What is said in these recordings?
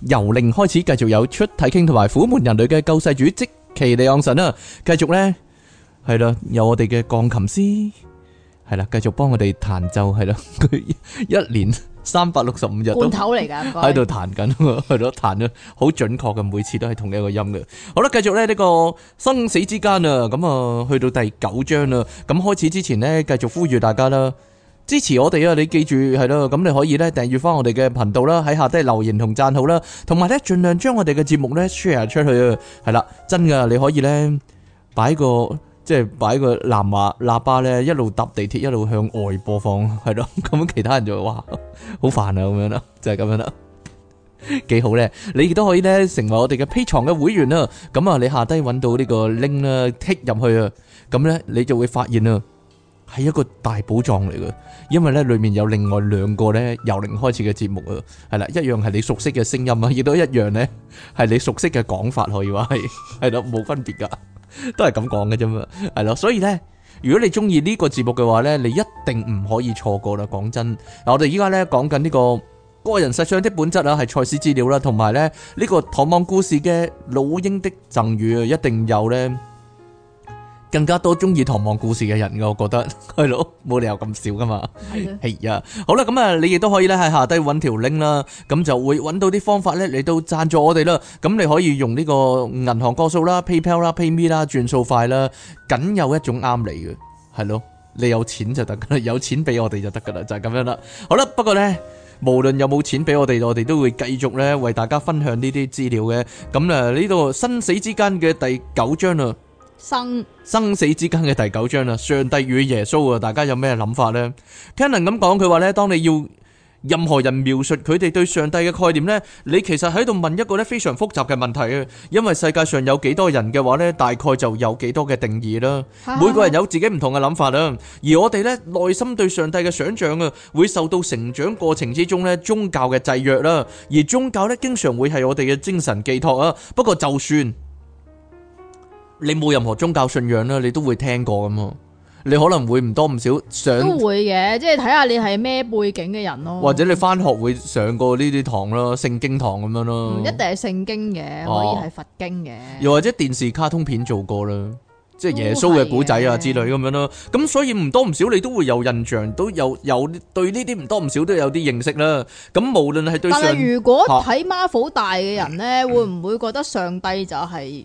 由零開始，繼續有出體傾同埋虎門人類嘅救世主即奇利昂神啊！繼續咧係啦，有我哋嘅鋼琴師係啦，繼續幫我哋彈奏係啦，佢一年三百六十五日罐頭嚟噶，喺度彈緊係咯，彈咗好準確嘅，每次都係同一個音嘅。好啦，繼續咧呢個生死之間啊，咁啊去到第九章啦，咁開始之前呢，繼續呼籲大家啦。支持我哋啊！你記住係咯，咁你可以咧訂閱翻我哋嘅頻道啦，喺下低留言同讚好啦，同埋咧盡量將我哋嘅節目咧 share 出去啊！係啦，真噶，你可以咧擺個即係擺個藍牙喇叭咧，一路搭地鐵一路向外播放，係咯，咁 其他人就會哇好煩啊，咁樣咯，就係、是、咁樣啦，幾 好咧！你亦都可以咧成為我哋嘅 Patreon 嘅會員啊！咁啊，你下低搵到個呢個 link 啦，剔入去啊，咁咧你就會發現啊！係一個大寶藏嚟嘅，因為咧裏面有另外兩個咧由零開始嘅節目啊，係啦，一樣係你熟悉嘅聲音啊，亦都一樣咧係你熟悉嘅講法，可以話係係咯，冇分別噶，都係咁講嘅啫嘛，係咯，所以咧如果你中意呢個節目嘅話咧，你一定唔可以錯過啦，講真，嗱我哋依家咧講緊呢個個人實相的本質啦，係賽斯資料啦，同埋咧呢個唐望故事嘅老鷹的贈予啊，一定有咧。更加多中意唐望故事嘅人嘅，我覺得係咯，冇 理由咁少噶嘛。係啊 的，好啦，咁啊，你亦都可以咧喺下低揾條 link 啦，咁就會揾到啲方法咧，你都贊助我哋啦。咁你可以用呢個銀行個數啦、PayPal 啦 Pay、PayMe 啦、轉數快啦，僅有一種啱你嘅，係咯，你有錢就得噶啦，有錢俾我哋就得噶啦，就係、是、咁樣啦。好啦，不過咧，無論有冇錢俾我哋，我哋都會繼續咧為大家分享呢啲資料嘅。咁啊，呢度生死之間嘅第九章啊。生生死之間嘅第九章啦，上帝與耶穌啊，大家有咩諗法呢？Ken 咁講，佢話呢：「當你要任何人描述佢哋對上帝嘅概念呢，你其實喺度問一個呢非常複雜嘅問題啊，因為世界上有幾多人嘅話呢，大概就有幾多嘅定義啦。啊、每個人有自己唔同嘅諗法啦，而我哋呢，內心對上帝嘅想象啊，會受到成長過程之中呢宗教嘅制約啦，而宗教呢，經常會係我哋嘅精神寄託啊。不過就算。你冇任何宗教信仰啦，你都會聽過咁咯。你可能會唔多唔少想都會嘅，即係睇下你係咩背景嘅人咯。或者你翻學會上過呢啲堂咯，聖經堂咁樣咯。唔一定係聖經嘅，可以係佛經嘅。又或者電視卡通片做過啦，即係耶穌嘅古仔啊之類咁樣咯。咁所以唔多唔少你都會有印象，都有有對呢啲唔多唔少都有啲認識啦。咁無論係對，但係如果睇 Marvel 大嘅人咧，會唔會覺得上帝就係？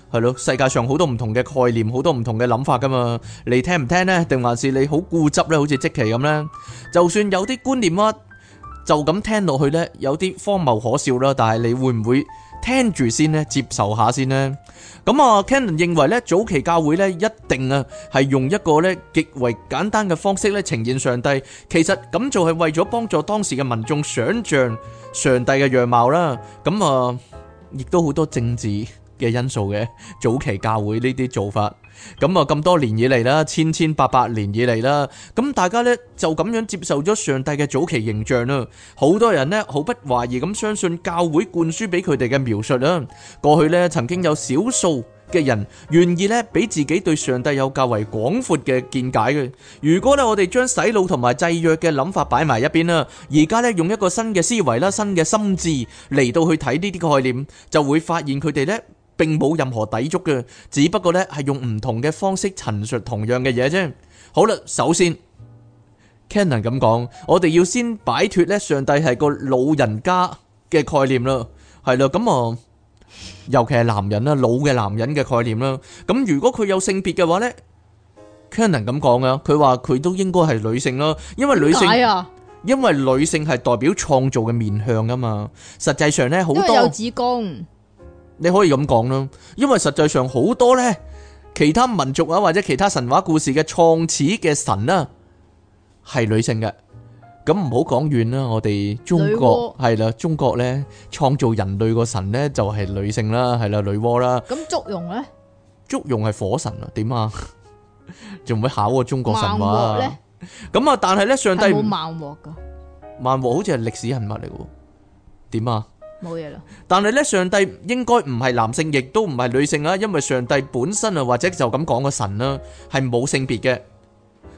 係咯，世界上好多唔同嘅概念，好多唔同嘅諗法㗎嘛。你聽唔聽咧？定還是你好固執咧？好似即奇咁咧，就算有啲觀念啦，就咁聽落去咧，有啲荒謬可笑啦。但係你會唔會聽住先咧？接受下先咧？咁啊，Canon 認為咧，早期教會咧一定啊，係用一個咧極為簡單嘅方式咧呈現上帝。其實咁就係為咗幫助當時嘅民眾想像上帝嘅樣貌啦。咁啊，亦都好多政治，嘅因素嘅早期教會呢啲做法，咁啊咁多年以嚟啦，千千百百年以嚟啦，咁大家呢，就咁樣接受咗上帝嘅早期形象啦，好多人呢，毫不懷疑咁相信教會灌輸俾佢哋嘅描述啦。過去呢，曾經有少數嘅人願意呢，俾自己對上帝有較為廣闊嘅見解嘅。如果呢，我哋將洗腦同埋制約嘅諗法擺埋一邊啦，而家呢，用一個新嘅思維啦、新嘅心智嚟到去睇呢啲概念，就會發現佢哋呢。並冇任何抵觸嘅，只不過咧係用唔同嘅方式陳述同樣嘅嘢啫。好啦，首先，Cannon 咁講，我哋要先擺脫咧上帝係個老人家嘅概念啦，係咯，咁、嗯、啊，尤其係男人啦，老嘅男人嘅概念啦。咁如果佢有性別嘅話呢，Cannon 咁講啊，佢話佢都應該係女性啦，因為女性啊，為因為女性係代表創造嘅面向啊嘛。實際上呢，好多有子宮，你可以咁講啦，因為實際上好多咧，其他民族啊或者其他神話故事嘅創始嘅神啦，係女性嘅。咁唔好講遠啦，我哋中國係啦，中國咧創造人類個神咧就係女性啦，係啦女媧啦。咁祝融咧？祝融係火神啊？點啊？仲會考過中國神話？咁啊？但係咧，上帝好萬和噶？萬和好似係歷史人物嚟嘅，點啊？冇嘢啦。但係呢，上帝應該唔係男性，亦都唔係女性啊，因為上帝本身啊，或者就咁講個神啦，係冇性別嘅。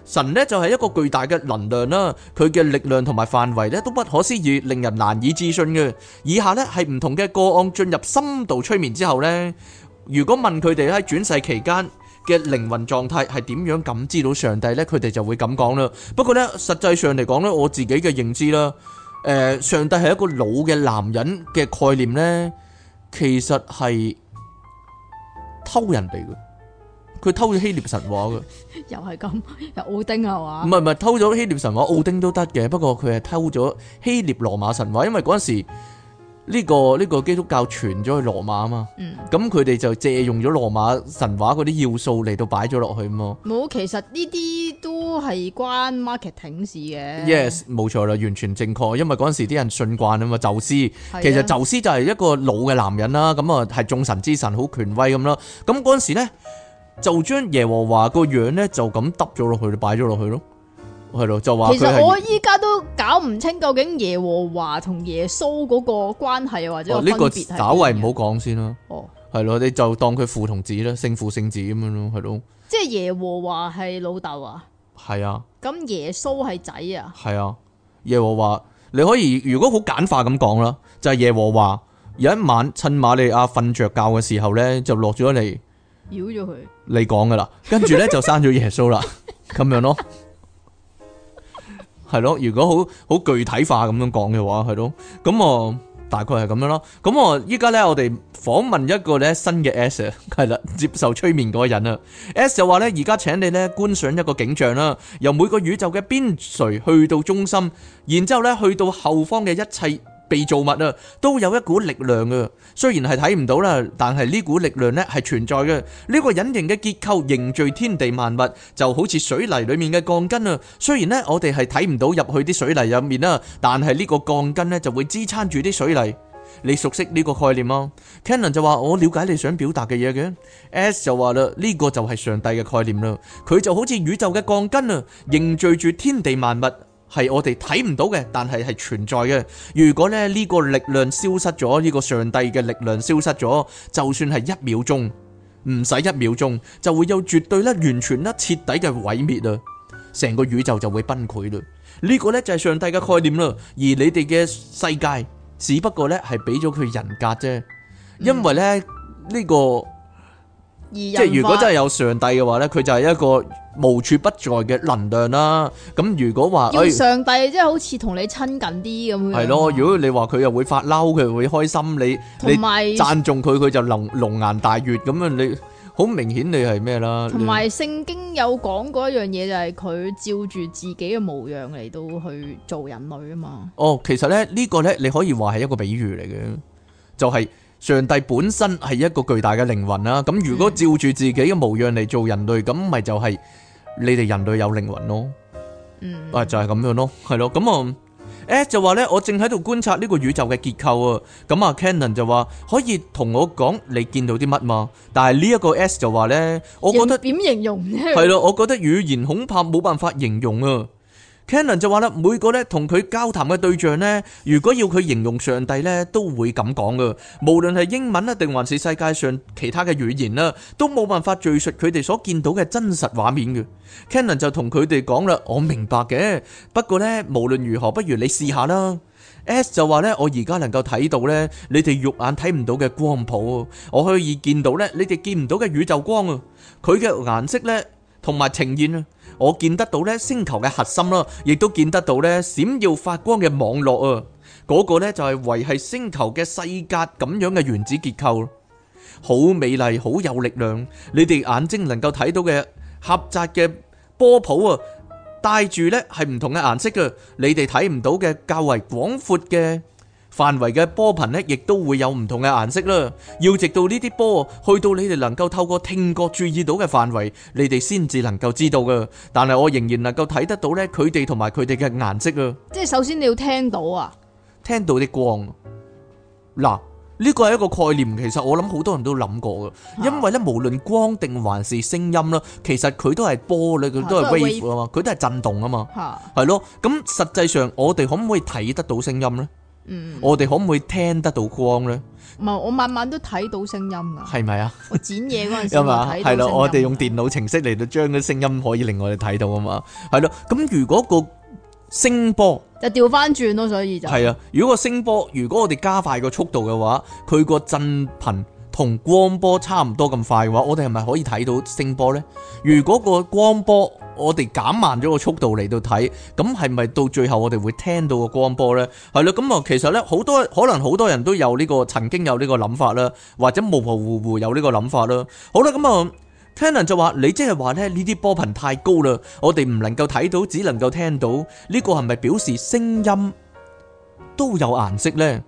神呢就係一個巨大嘅能量啦，佢嘅力量同埋範圍呢都不可思議，令人難以置信嘅。以下呢係唔同嘅個案，進入深度催眠之後呢，如果問佢哋喺轉世期間嘅靈魂狀態係點樣感知到上帝呢，佢哋就會咁講啦。不過呢，實際上嚟講呢，我自己嘅認知啦。誒、呃，上帝係一個老嘅男人嘅概念咧，其實係偷人哋嘅，佢偷咗希臘神話嘅 ，又係咁，又奧丁啊嘛，唔係唔係偷咗希臘神話，奧丁都得嘅，不過佢係偷咗希臘羅馬神話，因為嗰陣時。呢個呢個基督教傳咗去羅馬啊嘛，嗯，咁佢哋就借用咗羅馬神話嗰啲要素嚟到擺咗落去嘛。冇，其實呢啲都係關 marketing 事嘅。Yes，冇錯啦，完全正確。因為嗰陣時啲人信慣啊嘛，宙斯其實宙斯就係一個老嘅男人啦，咁啊係眾神之神，好權威咁啦。咁嗰陣時咧就將耶和華個樣咧就咁耷咗落去，擺咗落去咯。係咯， 就話其實我依家都搞唔清究竟耶和華同耶穌嗰個關係或者個分別係點。哦，呢個稍為唔好講先啦。哦，係咯，你就當佢父同子啦，聖父聖子咁樣咯，係咯。即係耶和華係老豆啊？係的啊。咁耶穌係仔啊？係啊。耶和華你可以如果好簡化咁講啦，就係、是、耶和華有一晚趁瑪利亞瞓着覺嘅時候咧，就落咗嚟，繞咗佢。你講噶啦，跟住咧就生咗耶穌啦，咁樣咯。係咯，如果好好具體化咁樣講嘅話，係咯，咁我大概係咁樣咯。咁我依家咧，我哋訪問一個咧新嘅 S，係啦，接受催眠嗰個人啦。S, S, S 就話咧，而家請你咧觀賞一個景象啦，由每個宇宙嘅邊陲去到中心，然之後咧去到後方嘅一切。被造物啊，都有一股力量啊。雖然係睇唔到啦，但係呢股力量呢係存在嘅。呢個隱形嘅結構凝聚天地萬物，就好似水泥裡面嘅鋼筋啊。雖然呢我哋係睇唔到入去啲水泥入面啦，但係呢個鋼筋呢就會支撐住啲水泥。你熟悉呢個概念嗎？Cannon 就話：我了解你想表達嘅嘢嘅。S 就話啦：呢個就係上帝嘅概念啦。佢就好似宇宙嘅鋼筋啊，凝聚住天地萬物。係我哋睇唔到嘅，但係係存在嘅。如果咧呢個力量消失咗，呢個上帝嘅力量消失咗，就算係一秒鐘，唔使一秒鐘，就會有絕對咧、完全咧、徹底嘅毀滅啦，成個宇宙就會崩潰啦。呢個咧就係上帝嘅概念啦，而你哋嘅世界只不過咧係俾咗佢人格啫，因為咧呢個。即係如果真係有上帝嘅話呢，佢就係一個無處不在嘅能量啦。咁如果話要上帝，即係好似同你親近啲咁樣。係咯，如果你話佢又會發嬲，佢會開心你，同埋你讚頌佢，佢就能龍顏大悅咁樣。你好明顯你係咩啦？同埋聖經有講過一樣嘢，就係佢照住自己嘅模樣嚟，到去做人類啊嘛。哦，其實呢呢個呢，你可以話係一個比喻嚟嘅，就係。上帝本身係一個巨大嘅靈魂啦，咁如果照住自己嘅模樣嚟做人類，咁咪就係你哋人類有靈魂咯，啊就係咁樣咯，係咯，咁啊，S 就話呢，我正喺度觀察呢個宇宙嘅結構啊，咁啊，Cannon 就話可以同我講你見到啲乜嘛，但係呢一個 S 就話呢，我覺得點形容咧，係咯，我覺得語言恐怕冇辦法形容啊。Canon 就話啦，每個呢同佢交談嘅對象呢，如果要佢形容上帝呢，都會咁講嘅。無論係英文啊，定還是世界上其他嘅語言啦，都冇辦法敘述佢哋所見到嘅真實畫面嘅。Canon 就同佢哋講啦，我明白嘅，不過呢，無論如何，不如你試下啦。S 就話呢，我而家能夠睇到呢，你哋肉眼睇唔到嘅光譜，我可以見到呢，你哋見唔到嘅宇宙光啊，佢嘅顏色呢。同埋呈現啊，我見得到咧星球嘅核心啦，亦都見得到咧閃耀發光嘅網絡啊，嗰個咧就係維繫星球嘅細格咁樣嘅原子結構，好美麗，好有力量。你哋眼睛能夠睇到嘅狹窄嘅波譜啊，帶住咧係唔同嘅顏色嘅，你哋睇唔到嘅較為廣闊嘅。範圍嘅波頻呢，亦都會有唔同嘅顏色啦。要直到呢啲波去到你哋能夠透過聽覺注意到嘅範圍，你哋先至能夠知道㗎。但係我仍然能夠睇得到呢，佢哋同埋佢哋嘅顏色啊。即係首先你要聽到啊，聽到啲光。嗱，呢個係一個概念，其實我諗好多人都諗過㗎。因為呢，無論光定還是聲音啦，其實佢都係波咧，佢都係 wave 啊嘛，佢都係震動啊嘛。係咯，咁實際上我哋可唔可以睇得到聲音呢？嗯、我哋可唔可以聽得到光咧？唔係，我晚晚都睇到聲音噶。係咪啊？我剪嘢嗰陣時睇到聲音係嘛？係咯，我哋用電腦程式嚟到將啲聲音可以令我哋睇到啊嘛。係咯、啊，咁如果個聲波就調翻轉咯，所以就係啊。如果個聲波，如果我哋加快個速度嘅話，佢個震頻。同光波差唔多咁快嘅話，我哋係咪可以睇到聲波呢？如果個光波我哋減慢咗個速度嚟到睇，咁係咪到最後我哋會聽到個光波呢？係咯，咁、嗯、啊，其實呢，好多可能好多人都有呢、這個曾經有呢個諗法啦，或者模模糊糊糊有呢個諗法啦。好啦，咁、嗯、啊，聽 n 就話你即係話咧呢啲波頻太高啦，我哋唔能夠睇到，只能夠聽到。呢、這個係咪表示聲音都有顏色呢？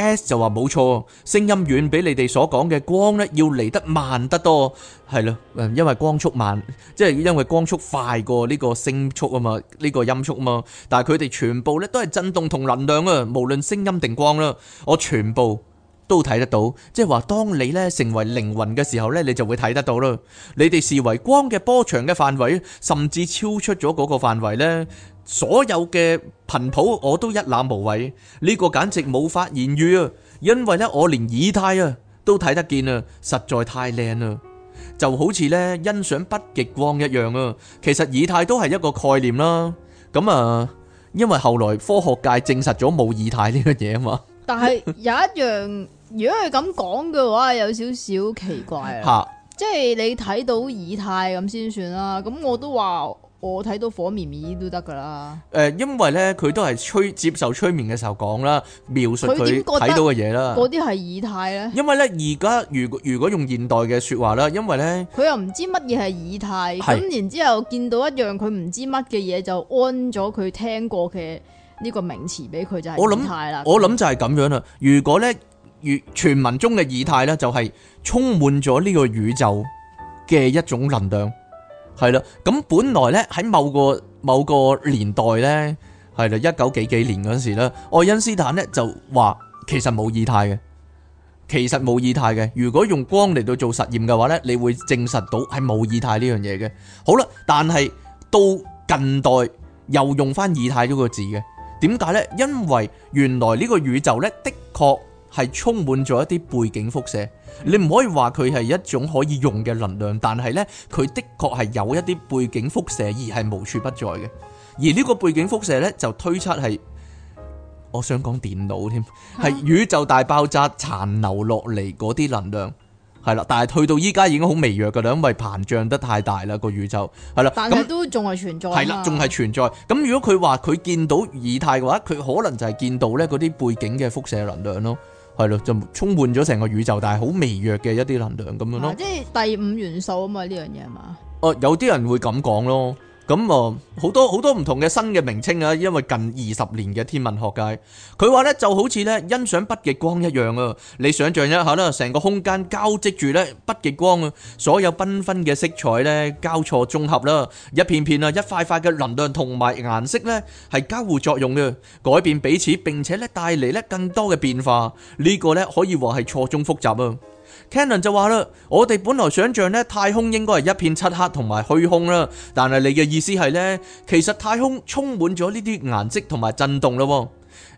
S 就話冇錯，聲音遠比你哋所講嘅光呢要嚟得慢得多，係咯，因為光速慢，即係因為光速快過呢個聲速啊嘛，呢個音速啊嘛，但係佢哋全部呢都係震動同能量啊，無論聲音定光啦，我全部都睇得到，即係話當你呢成為靈魂嘅時候呢，你就會睇得到啦，你哋視為光嘅波長嘅範圍，甚至超出咗嗰個範圍呢。所有嘅頻譜我都一覽無遺，呢個簡直冇法言喻啊！因為咧，我連以太啊都睇得見啊，實在太靚啦，就好似咧欣賞北極光一樣啊！其實以太都係一個概念啦。咁啊，因為後來科學界證實咗冇以太呢個嘢啊嘛。但係有一樣， 如果係咁講嘅話，有少少奇怪吓，哈 即係你睇到以太咁先算啦。咁我都話。我睇到火綿綿都得噶啦。誒、呃，因為咧佢都係催接受催眠嘅時候講啦，描述佢睇到嘅嘢啦。嗰啲係以太咧。因為咧而家如果如果用現代嘅說話啦，因為咧佢又唔知乜嘢係以太，咁是然之後見到一樣佢唔知乜嘅嘢就安咗佢聽過嘅呢個名詞俾佢就係以太啦。我諗想以就係咁樣啦。如果咧，如傳聞中嘅以太咧，就係充滿咗呢個宇宙嘅一種能量。係啦，咁本來呢，喺某個某個年代呢，係啦一九幾幾年嗰時呢，愛因斯坦呢就話其實冇以太嘅，其實冇以太嘅。如果用光嚟到做實驗嘅話呢，你會證實到係冇以太呢樣嘢嘅。好啦，但係到近代又用翻以太呢個字嘅，點解呢？因為原來呢個宇宙呢，的確。係充滿咗一啲背景輻射，你唔可以話佢係一種可以用嘅能量，但係呢，佢的確係有一啲背景輻射而係無處不在嘅。而呢個背景輻射呢，就推測係，我想講電腦添，係宇宙大爆炸殘留落嚟嗰啲能量，係啦。但係去到依家已經好微弱噶啦，因為膨脹得太大啦，個宇宙，係啦。但係都仲係存在，係啦，仲係存在。咁如果佢話佢見到以太嘅話，佢可能就係見到呢嗰啲背景嘅輻射能量咯。係咯，就充滿咗成個宇宙，但係好微弱嘅一啲能量咁、啊、樣、啊、樣咯。即係第五元素啊嘛，呢樣嘢係嘛？哦，有啲人會咁講咯。咁啊，好多好多唔同嘅新嘅名稱啊，因為近二十年嘅天文學界，佢話呢就好似咧欣賞北極光一樣啊，你想象一下啦，成個空間交織住呢北極光啊，所有繽紛嘅色彩呢交錯綜合啦，一片片啊，一塊塊嘅能量同埋顏色呢，係交互作用嘅，改變彼此，並且呢帶嚟呢更多嘅變化，呢個呢可以話係錯綜複雜啊。Canon 就話啦，我哋本來想像咧，太空應該係一片漆黑同埋虛空啦。但係你嘅意思係呢？其實太空充滿咗呢啲顏色同埋震動啦。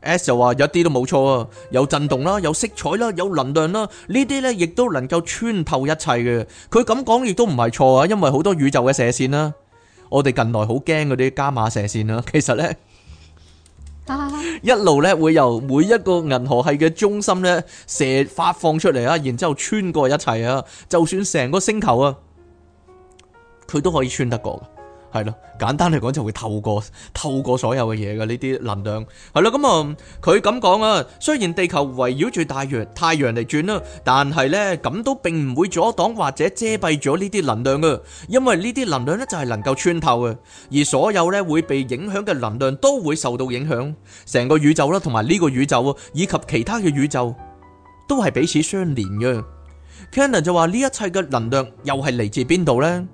S 就話有一啲都冇錯啊，有震動啦，有色彩啦，有能量啦，呢啲呢亦都能夠穿透一切嘅。佢咁講亦都唔係錯啊，因為好多宇宙嘅射線啦，我哋近來好驚嗰啲伽馬射線啦。其實呢。一路咧，會由每一個銀河系嘅中心咧射發放出嚟啊，然之後穿過一切啊，就算成個星球啊，佢都可以穿得過。係咯，簡單嚟講就會透過透過所有嘅嘢噶呢啲能量。係咯，咁啊佢咁講啊，雖然地球圍繞住大洋太陽嚟轉啦，但係咧咁都並唔會阻擋或者遮蔽咗呢啲能量噶，因為呢啲能量咧就係能夠穿透噶，而所有咧會被影響嘅能量都會受到影響，成個宇宙啦，同埋呢個宇宙啊以及其他嘅宇宙都係彼此相連嘅。Cannon 就話呢一切嘅能量又係嚟自邊度咧？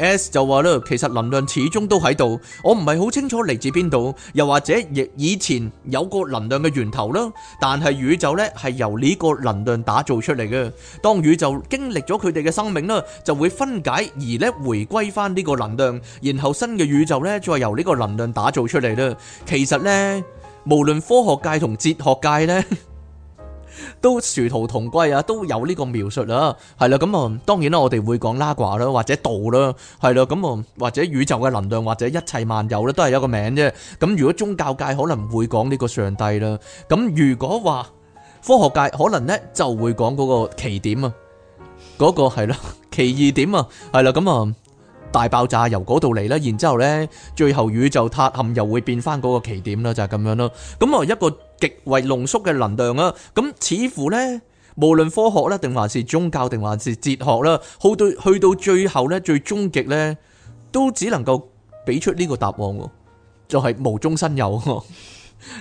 S, S 就話啦，其實能量始終都喺度，我唔係好清楚嚟自邊度，又或者亦以前有個能量嘅源頭啦。但係宇宙咧係由呢個能量打造出嚟嘅。當宇宙經歷咗佢哋嘅生命啦，就會分解而咧回歸翻呢個能量，然後新嘅宇宙咧再由呢個能量打造出嚟啦。其實呢，無論科學界同哲學界呢。 都殊途同歸啊，都有呢個描述啦、啊，係啦、啊，咁、嗯、啊，當然啦，我哋會講拉呱啦，或者道啦，係啦、啊，咁、嗯、啊，或者宇宙嘅能量，或者一切萬有咧，都係有一個名啫。咁、嗯、如果宗教界可能會講呢個上帝啦，咁、嗯、如果話科學界可能呢，就會講嗰個奇點啊，嗰、嗰個係啦、嗯啊，奇異點啊，係啦，咁啊。大爆炸由嗰度嚟啦，然之後咧，最後宇宙塌陷又會變翻嗰個奇點啦，就係咁樣咯。咁啊，一個極為濃縮嘅能量啊，咁似乎咧，無論科學啦，定還是宗教，定還是哲學啦，去到去到最後咧，最終極咧，都只能夠俾出呢個答案喎，就係無中生有喎，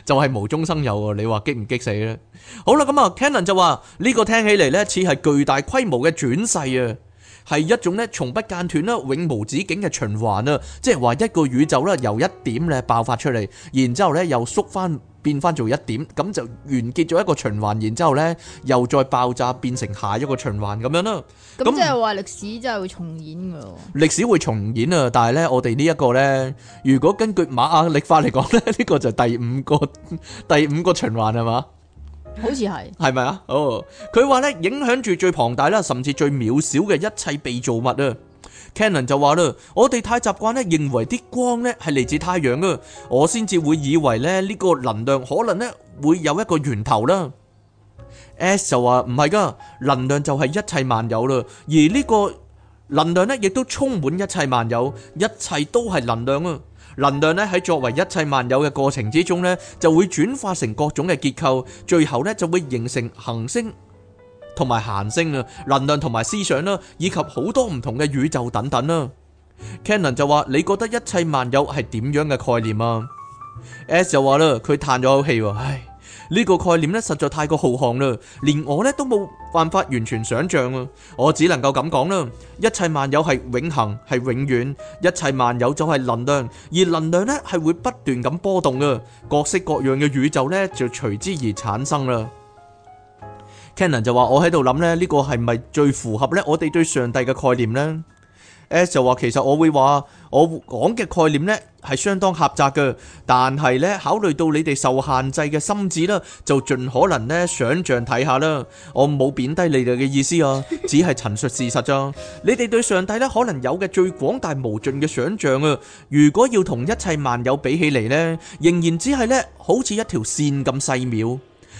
就係無中生有喎。你話激唔激死咧？好啦，咁啊，Cannon 就話呢個聽起嚟咧，似係巨大規模嘅轉世啊！係一種咧從不間斷啦，永無止境嘅循環啦，即係話一個宇宙咧由一點咧爆發出嚟，然之後咧又縮翻變翻做一點，咁就完結咗一個循環，然之後咧又再爆炸變成下一個循環咁樣啦。咁那麼 樣即係話歷史真係會重演㗎。歷史會重演啊！但係咧我哋呢一個咧，如果根據馬雅歷法嚟講咧，呢、這個就係第五個第五個循環係嘛？好似係，係咪啊？哦，oh，佢話咧影響住最龐大啦，甚至最渺小嘅一切被造物啊。Cannon 就話啦，我哋太習慣咧認為啲光咧係嚟自太陽啊，我先至會以為咧呢個能量可能咧會有一個源頭啦。S 就話唔係噶，能量就係一切萬有啦，而呢個能量咧亦都充滿一切萬有，一切都係能量啊。能量咧喺作為一切萬有嘅過程之中咧，就會轉化成各種嘅結構，最後咧就會形成恆星同埋行星啊，能量同埋思想啦，以及好多唔同嘅宇宙等等啦。Cannon 就話：你覺得一切萬有係點樣嘅概念啊？S 就話咧，佢嘆咗口氣，唉。呢個概念咧實在太過浩瀚啦，連我咧都冇辦法完全想像啊！我只能夠咁講啦，一切萬有係永恆，係永遠，一切萬有就係能量，而能量咧係會不斷咁波動啊！各式各樣嘅宇宙咧就隨之而產生啦。Cannon 就話：我喺度諗咧，呢個係咪最符合咧我哋對上帝嘅概念咧？S 就話：其實我會話我講嘅概念咧。係相當狹窄嘅，但係呢，考慮到你哋受限制嘅心智啦，就盡可能呢想象睇下啦。我冇貶低你哋嘅意思啊，只係陳述事實咋。你哋對上帝呢，可能有嘅最廣大無盡嘅想象啊，如果要同一切萬有比起嚟呢，仍然只係呢好似一條線咁細妙。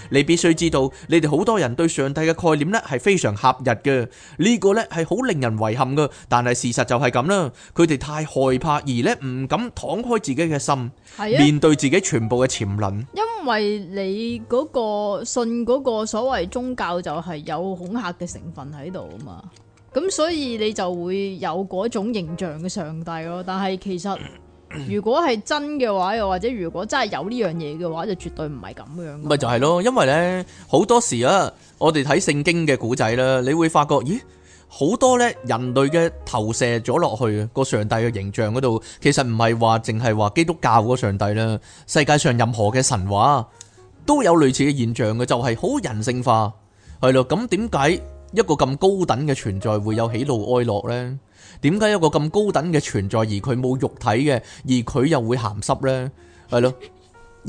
你必須知道，你哋好多人對上帝嘅概念呢係非常狹日狹隘嘅，呢個呢係好令人遺憾嘅。但係事實就係咁啦，佢哋太害怕而呢唔敢敞開自己嘅心，的面對自己全部嘅潛能。因為你嗰個信嗰個所謂宗教就係有恐嚇嘅成分喺度啊嘛，咁所以你就會有嗰種形象嘅上帝咯。但係其實。 如果係真嘅話，又或者如果真係有呢樣嘢嘅話，就絕對唔係咁樣。咪就係咯，因為呢，好多時啊，我哋睇聖經嘅古仔啦，你會發覺，咦，好多呢人類嘅投射咗落去個上帝嘅形象嗰度，其實唔係話淨係話基督教個上帝啦，世界上任何嘅神話都有類似嘅現象嘅，就係好人性化，係咯。咁點解一個咁高等嘅存在會有喜怒哀樂呢？點解有個咁高等嘅存在，而佢冇肉體嘅，而佢又會鹹濕呢？係咯。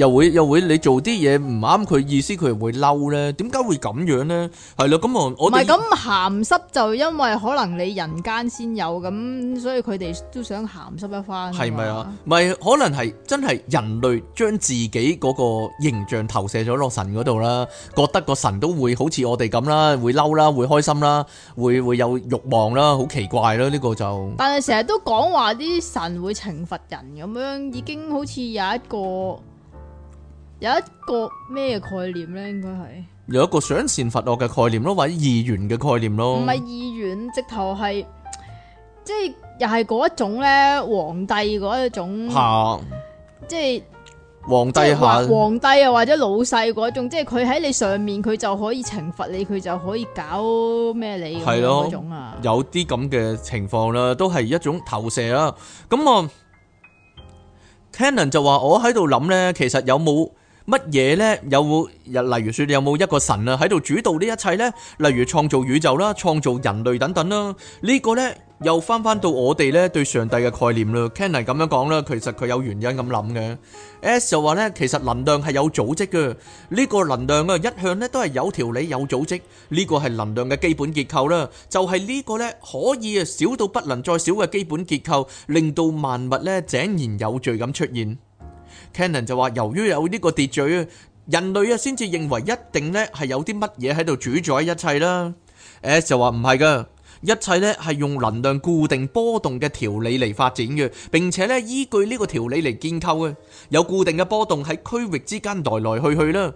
又會又會，你做啲嘢唔啱佢意思，佢會嬲咧。點解會咁樣咧？係咯，咁我我唔係咁鹹濕，就因為可能你人間先有咁，所以佢哋都想鹹濕一番。係咪啊？唔，可能係真係人類將自己嗰個形象投射咗落神嗰度啦，覺得個神都會好似我哋咁啦，會嬲啦，會開心啦，會會有慾望啦，好奇怪咯。呢個就但係成日都講話啲神會懲罰人咁樣，已經好似有一個。有一個咩概念咧？應該係有一個賞善罰惡嘅概念咯，或者議員嘅概念咯。唔係議員，直頭係即係又係嗰一種咧，皇帝嗰一種。吓！即係皇帝吓，皇帝又或者老細嗰一種，即係佢喺你上面，佢就可以懲罰你，佢就可以搞咩你。係咯，種啊，有啲咁嘅情況啦，都係一種投射啦。咁我，Canon 就話我喺度諗咧，其實有冇？乜嘢呢？有冇，例如說有冇一個神啊喺度主導呢一切呢？例如創造宇宙啦、創造人類等等啦。呢、這個呢，又翻翻到我哋呢對上帝嘅概念啦。Ken 咁樣講啦，其實佢有原因咁諗嘅。S 就話呢，其實能量係有組織嘅，呢、這個能量啊一向呢都係有條理、有組織，呢、這個係能量嘅基本結構啦。就係、是、呢個呢，可以啊少到不能再少嘅基本結構，令到萬物呢井然有序咁出現。Cannon 就話：由於有呢個秩序啊，人類啊先至認為一定咧係有啲乜嘢喺度主宰一切啦。S 就話唔係㗎，一切咧係用能量固定波動嘅條理嚟發展嘅，並且咧依據呢個條理嚟建構嘅，有固定嘅波動喺區域之間來來去去啦。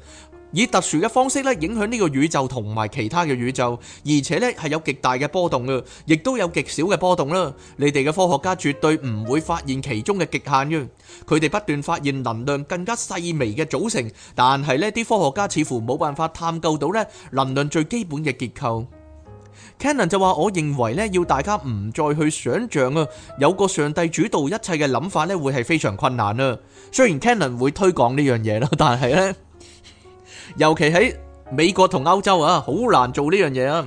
以特殊嘅方式咧，影響呢個宇宙同埋其他嘅宇宙，而且咧係有極大嘅波動啊，亦都有極少嘅波動啦。你哋嘅科學家絕對唔會發現其中嘅極限嘅，佢哋不斷發現能量更加細微嘅組成，但係呢啲科學家似乎冇辦法探究到咧能量最基本嘅結構。Cannon 就話：我認為咧要大家唔再去想像啊，有個上帝主導一切嘅諗法咧，會係非常困難啊。雖然 Cannon 會推廣呢樣嘢咯，但係咧。尤其喺美國同歐洲啊，好難做呢樣嘢啊！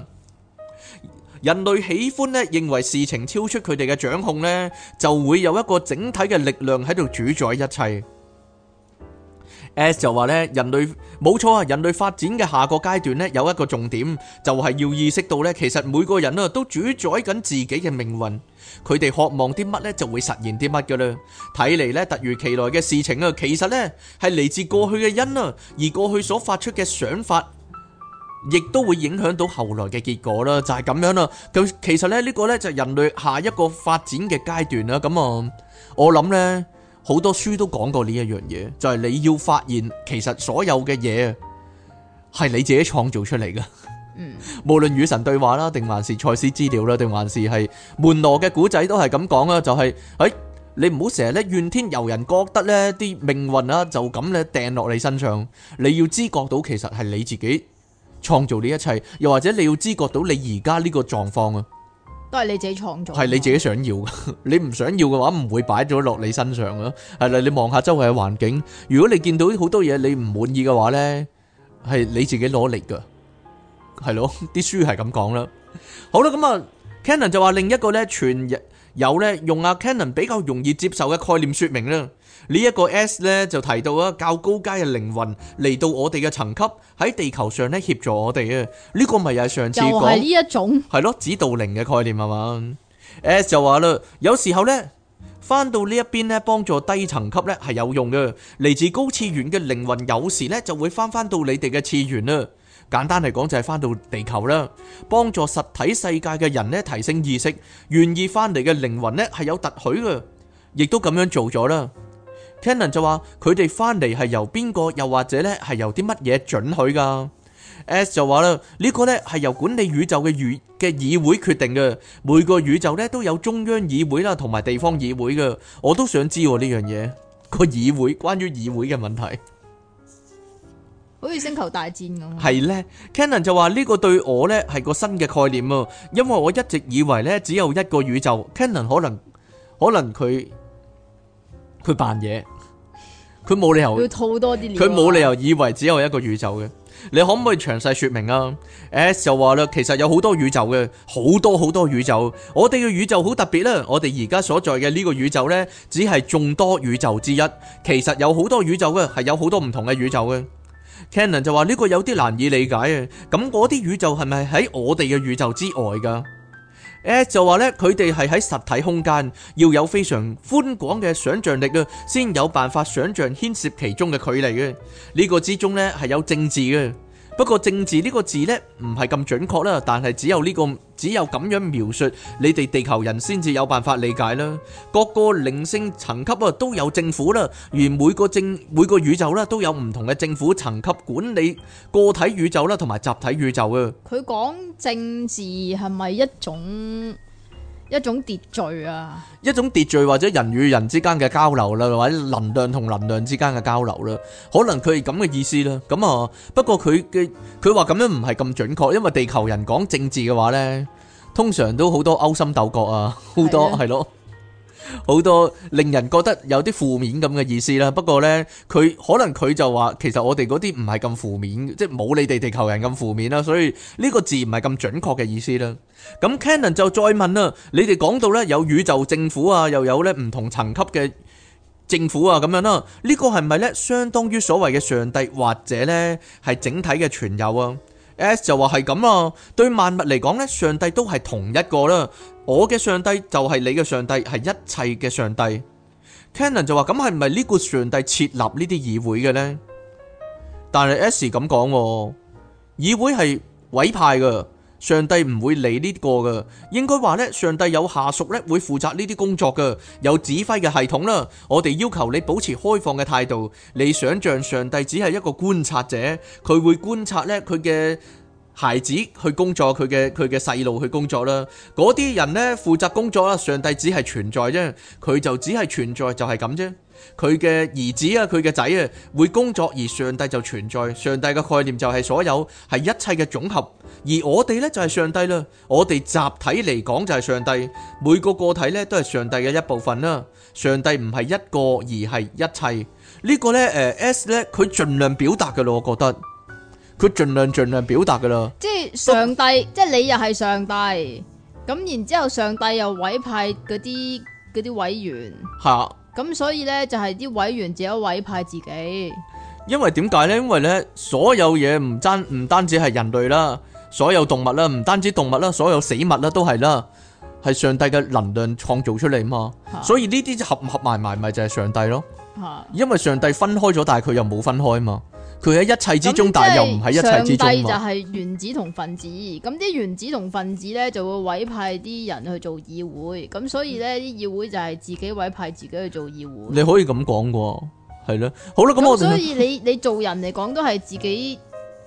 人類喜歡咧，認為事情超出佢哋嘅掌控呢，就會有一個整體嘅力量喺度主宰一切。S 就話咧，人類冇錯啊！人類發展嘅下個階段呢，有一個重點就係要意識到呢，其實每個人啊都主宰緊自己嘅命運，佢哋渴望啲乜呢，就會實現啲乜噶啦。睇嚟呢，突如其來嘅事情啊，其實呢係嚟自過去嘅因啊，而過去所發出嘅想法，亦都會影響到後來嘅結果啦。就係咁樣啦。咁其實呢呢個呢就係人類下一個發展嘅階段啦。咁啊，我諗呢。好多書都講過呢一樣嘢，就係，你要發現其實所有嘅嘢係你自己創造出嚟嘅。 嗯，無論與神對話啦，定還是賽斯資料啦，定還是係門羅嘅古仔，都係咁講啦。就係，誒，你唔好成日咧怨天尤人，覺得呢啲命運啊就咁咧掟落你身上，你要知覺到其實係你自己創造呢一切，又或者你要知覺到你而家呢個狀況啊。都係你自己創造，係你自己想要嘅。你唔想要嘅話，唔會擺咗落你身上咯。係啦，你望下周圍嘅環境，如果你見到好多嘢你唔滿意嘅話咧，係你自己攞嚟嘅，係咯。啲書係咁講啦。好啦，咁啊，Canon 就話另一個咧，全有咧用啊 Canon 比較容易接受嘅概念説明啦。呢一個 S 咧就提到啊，較高階嘅靈魂嚟到我哋嘅層級喺地球上咧協助我哋啊。呢、這個咪又係上次講，又係呢一種係咯，指導靈嘅概念係嘛？S 就話啦，有時候咧翻到邊呢一邊咧幫助低層級咧係有用嘅。嚟自高次元嘅靈魂有時咧就會翻翻到你哋嘅次元啊。簡單嚟講就係翻到地球啦，幫助實體世界嘅人咧提升意識，願意翻嚟嘅靈魂咧係有特許嘅，亦都咁樣做咗啦。Cannon 就話佢哋翻嚟係由邊個，又或者咧係由啲乜嘢准許噶？S 就話啦，呢個咧係由管理宇宙嘅議嘅議會決定嘅。每個宇宙咧都有中央議會啦，同埋地方議會嘅。我都想知呢樣嘢個議會，關於議會嘅問題，好似星球大戰咁。係咧，Cannon 就話呢個對我咧係個新嘅概念啊，因為我一直以為咧只有一個宇宙。Cannon 可能可能佢。佢扮嘢，佢冇理由，佢要吐多啲料，啊，佢冇理由以為只有一個宇宙嘅。你可唔可以詳細説明啊？S 就話咧，其實有好多宇宙嘅，好多好多宇宙。我哋嘅宇宙好特別啦，我哋而家所在嘅呢個宇宙呢，只係眾多宇宙之一。其實有好多宇宙嘅，係有好多唔同嘅宇宙嘅。Canon 就話呢個有啲難以理解嘅。咁嗰啲宇宙係咪喺我哋嘅宇宙之外噶？誒就話咧，佢哋係喺實體空間，要有非常寬廣嘅想像力啊，先有辦法想像牽涉其中嘅距離嘅。呢個之中咧係有政治嘅，不過政治呢個字咧唔係咁準確啦，但係只有呢個。只有咁樣描述，你哋地球人先至有辦法理解啦。各個靈性層級啊都有政府啦，而每個政每個宇宙啦都有唔同嘅政府層級管理個體宇宙啦同埋集體宇宙啊。佢講政治係咪一種？一種秩序啊，一種秩序或者人與人之間嘅交流啦，或者能量同能量之間嘅交流啦，可能佢係咁嘅意思啦。咁啊，不過佢嘅佢話咁樣唔係咁準確，因為地球人講政治嘅話呢，通常都好多勾心鬥角啊，好的多係咯。好多令人覺得有啲負面咁嘅意思啦，不過呢，佢可能佢就話其實我哋嗰啲唔係咁負面，即係冇你哋地球人咁負面啦，所以呢個字唔係咁準確嘅意思啦。咁 Canon 就再問啦，你哋講到呢，有宇宙政府啊，又有呢唔同層級嘅政府啊，咁樣啦，呢個係咪呢？相當於所謂嘅上帝或者呢係整體嘅全有啊？S, S 就話係咁啊。對萬物嚟講呢，上帝都係同一個啦。我嘅上帝就係你嘅上帝，係一切嘅上帝。Canon 就話咁係唔係呢個上帝設立呢啲議會嘅呢？但係 S 咁講，議會係委派㗎。上帝唔會理呢個嘅，應該話呢，上帝有下屬呢會負責呢啲工作嘅，有指揮嘅系統啦。我哋要求你保持開放嘅態度，你想象上帝只係一個觀察者，佢會觀察呢佢嘅。孩子去工作，佢嘅佢嘅細路去工作啦。嗰啲人呢，負責工作啦。上帝只係存在啫，佢就只係存在就係咁啫。佢嘅兒子啊，佢嘅仔啊會工作，而上帝就存在。上帝嘅概念就係所有係一切嘅總合，而我哋呢，就係上帝啦。我哋集體嚟講就係上帝，每個個體呢，都係上帝嘅一部分啦。上帝唔係一個，而係一切。呢個呢、呃、S 呢，佢盡量表達嘅咯，我覺得。佢盡量盡量表達噶啦，即係上帝，都即係你又係上帝，咁然之後上帝又委派嗰啲啲委員，係咁的所以呢，就係、是、啲委員自己委派自己，因為點解呢？因為呢，所有嘢唔單唔單止係人類啦，所有動物啦，唔單止動物啦，所有死物啦都係啦，係上帝嘅能量創造出嚟嘛，的所以呢啲就合合埋埋咪就係上帝咯，的因為上帝分開咗，但係佢又冇分開嘛。佢喺一切之中，但又唔喺一切之中。就係原子同分子，咁啲原子同分子咧就會委派啲人去做議會，咁所以咧啲議會就係自己委派自己去做議會。你可以咁講嘅，係咧，好啦，咁我所以你你做人嚟講都係自己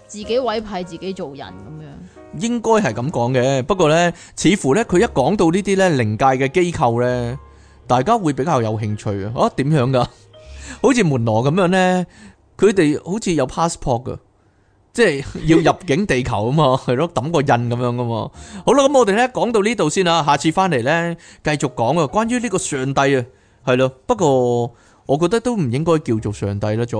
自己委派自己做人咁樣，應該係咁講嘅。不過咧，似乎咧佢一講到呢啲咧靈界嘅機構咧，大家會比較有興趣啊！啊，點樣㗎？ 好似門羅咁樣咧。佢哋好似有 passport 嘅，即係要入境地球啊嘛，係咯，抌個印咁樣噶嘛。好啦，咁我哋咧講到呢度先啦，下次翻嚟咧繼續講啊，關於呢個上帝啊，係咯。不過我覺得都唔應該叫做上帝啦，再。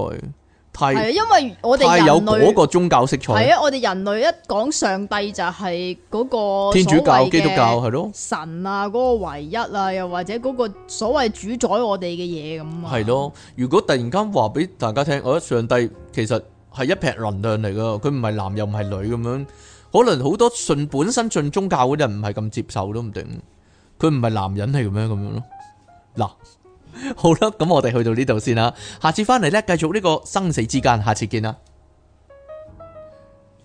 係啊，因為我哋有嗰個宗教色彩係啊，我哋人類一講上帝就係嗰個天主教、基督教係咯，神啊，嗰個唯一啊，又或者嗰個所謂主宰我哋嘅嘢，咁啊。係咯，如果突然間話俾大家聽，我咧上帝其實係一劈能量嚟噶，佢唔係男又唔係女咁樣，可能好多信本身信宗教嗰啲人唔係咁接受都唔定，佢唔係男人嚟嘅咩咁樣咯嗱。 好啦，咁我哋去到呢度先啦。下次翻嚟咧，繼續呢個生死之間，下次見啦。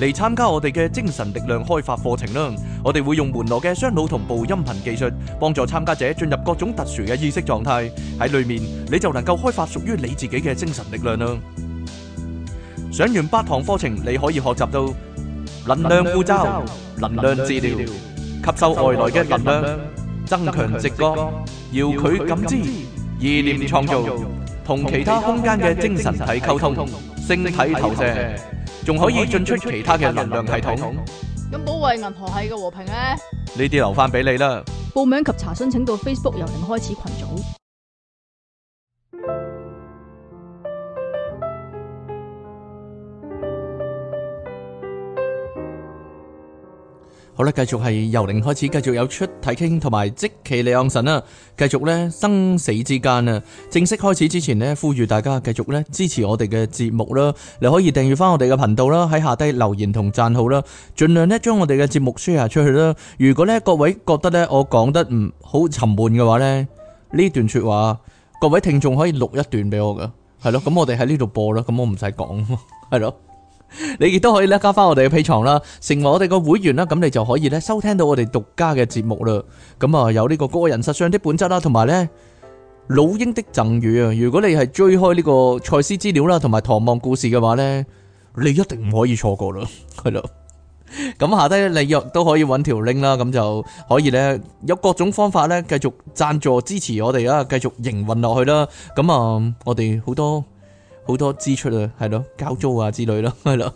嚟參加我哋嘅精神力量開發課程啦！我哋會用門羅嘅雙腦同步音頻技術，幫助參加者進入各種特殊嘅意識狀態。喺裏面你就能夠開發屬於你自己嘅精神力量啦！上完八堂課程，你可以學習到能量護罩、能量治療、吸收外來嘅能量、增強直覺、遙距感知、意念創造、同其他空間嘅精神體溝通、星體投射。仲可以進出其他嘅能量系統。咁，保衞銀河系嘅和平咧。呢啲留翻俾你啦。報名及查詢請到 Facebook 由零開始群組。好啦，繼續係由零開始，繼續有出體傾同埋即期你盎神啦，繼續咧生死之間啊！正式開始之前呢，呼籲大家繼續咧支持我哋嘅節目啦，你可以訂閱翻我哋嘅頻道啦，喺下低留言同讚好啦，盡量呢，將我哋嘅節目 share 出去啦。如果呢，各位覺得呢，我講得唔好沉悶嘅話呢，呢段說話各位聽眾可以錄一段俾我噶，係咯，咁我哋喺呢度播啦，咁我唔使講係咯。你亦都可以咧加翻我哋嘅 Patreon 啦，成為我哋個會員啦，咁你就可以咧收聽到我哋獨家嘅節目啦。咁啊，有呢個個人實相的本質啦，同埋咧老鷹的贈予啊。如果你係追開呢個賽斯資料啦，同埋唐望故事嘅話咧，你一定唔可以錯過啦，係咯。咁下低你亦都可以揾條 link 啦，咁就可以咧有各種方法咧繼續贊助支持我哋啦，繼續營運落去啦。咁啊，我哋好多。好多支出啊，係咯，交租啊之類咯，係咯，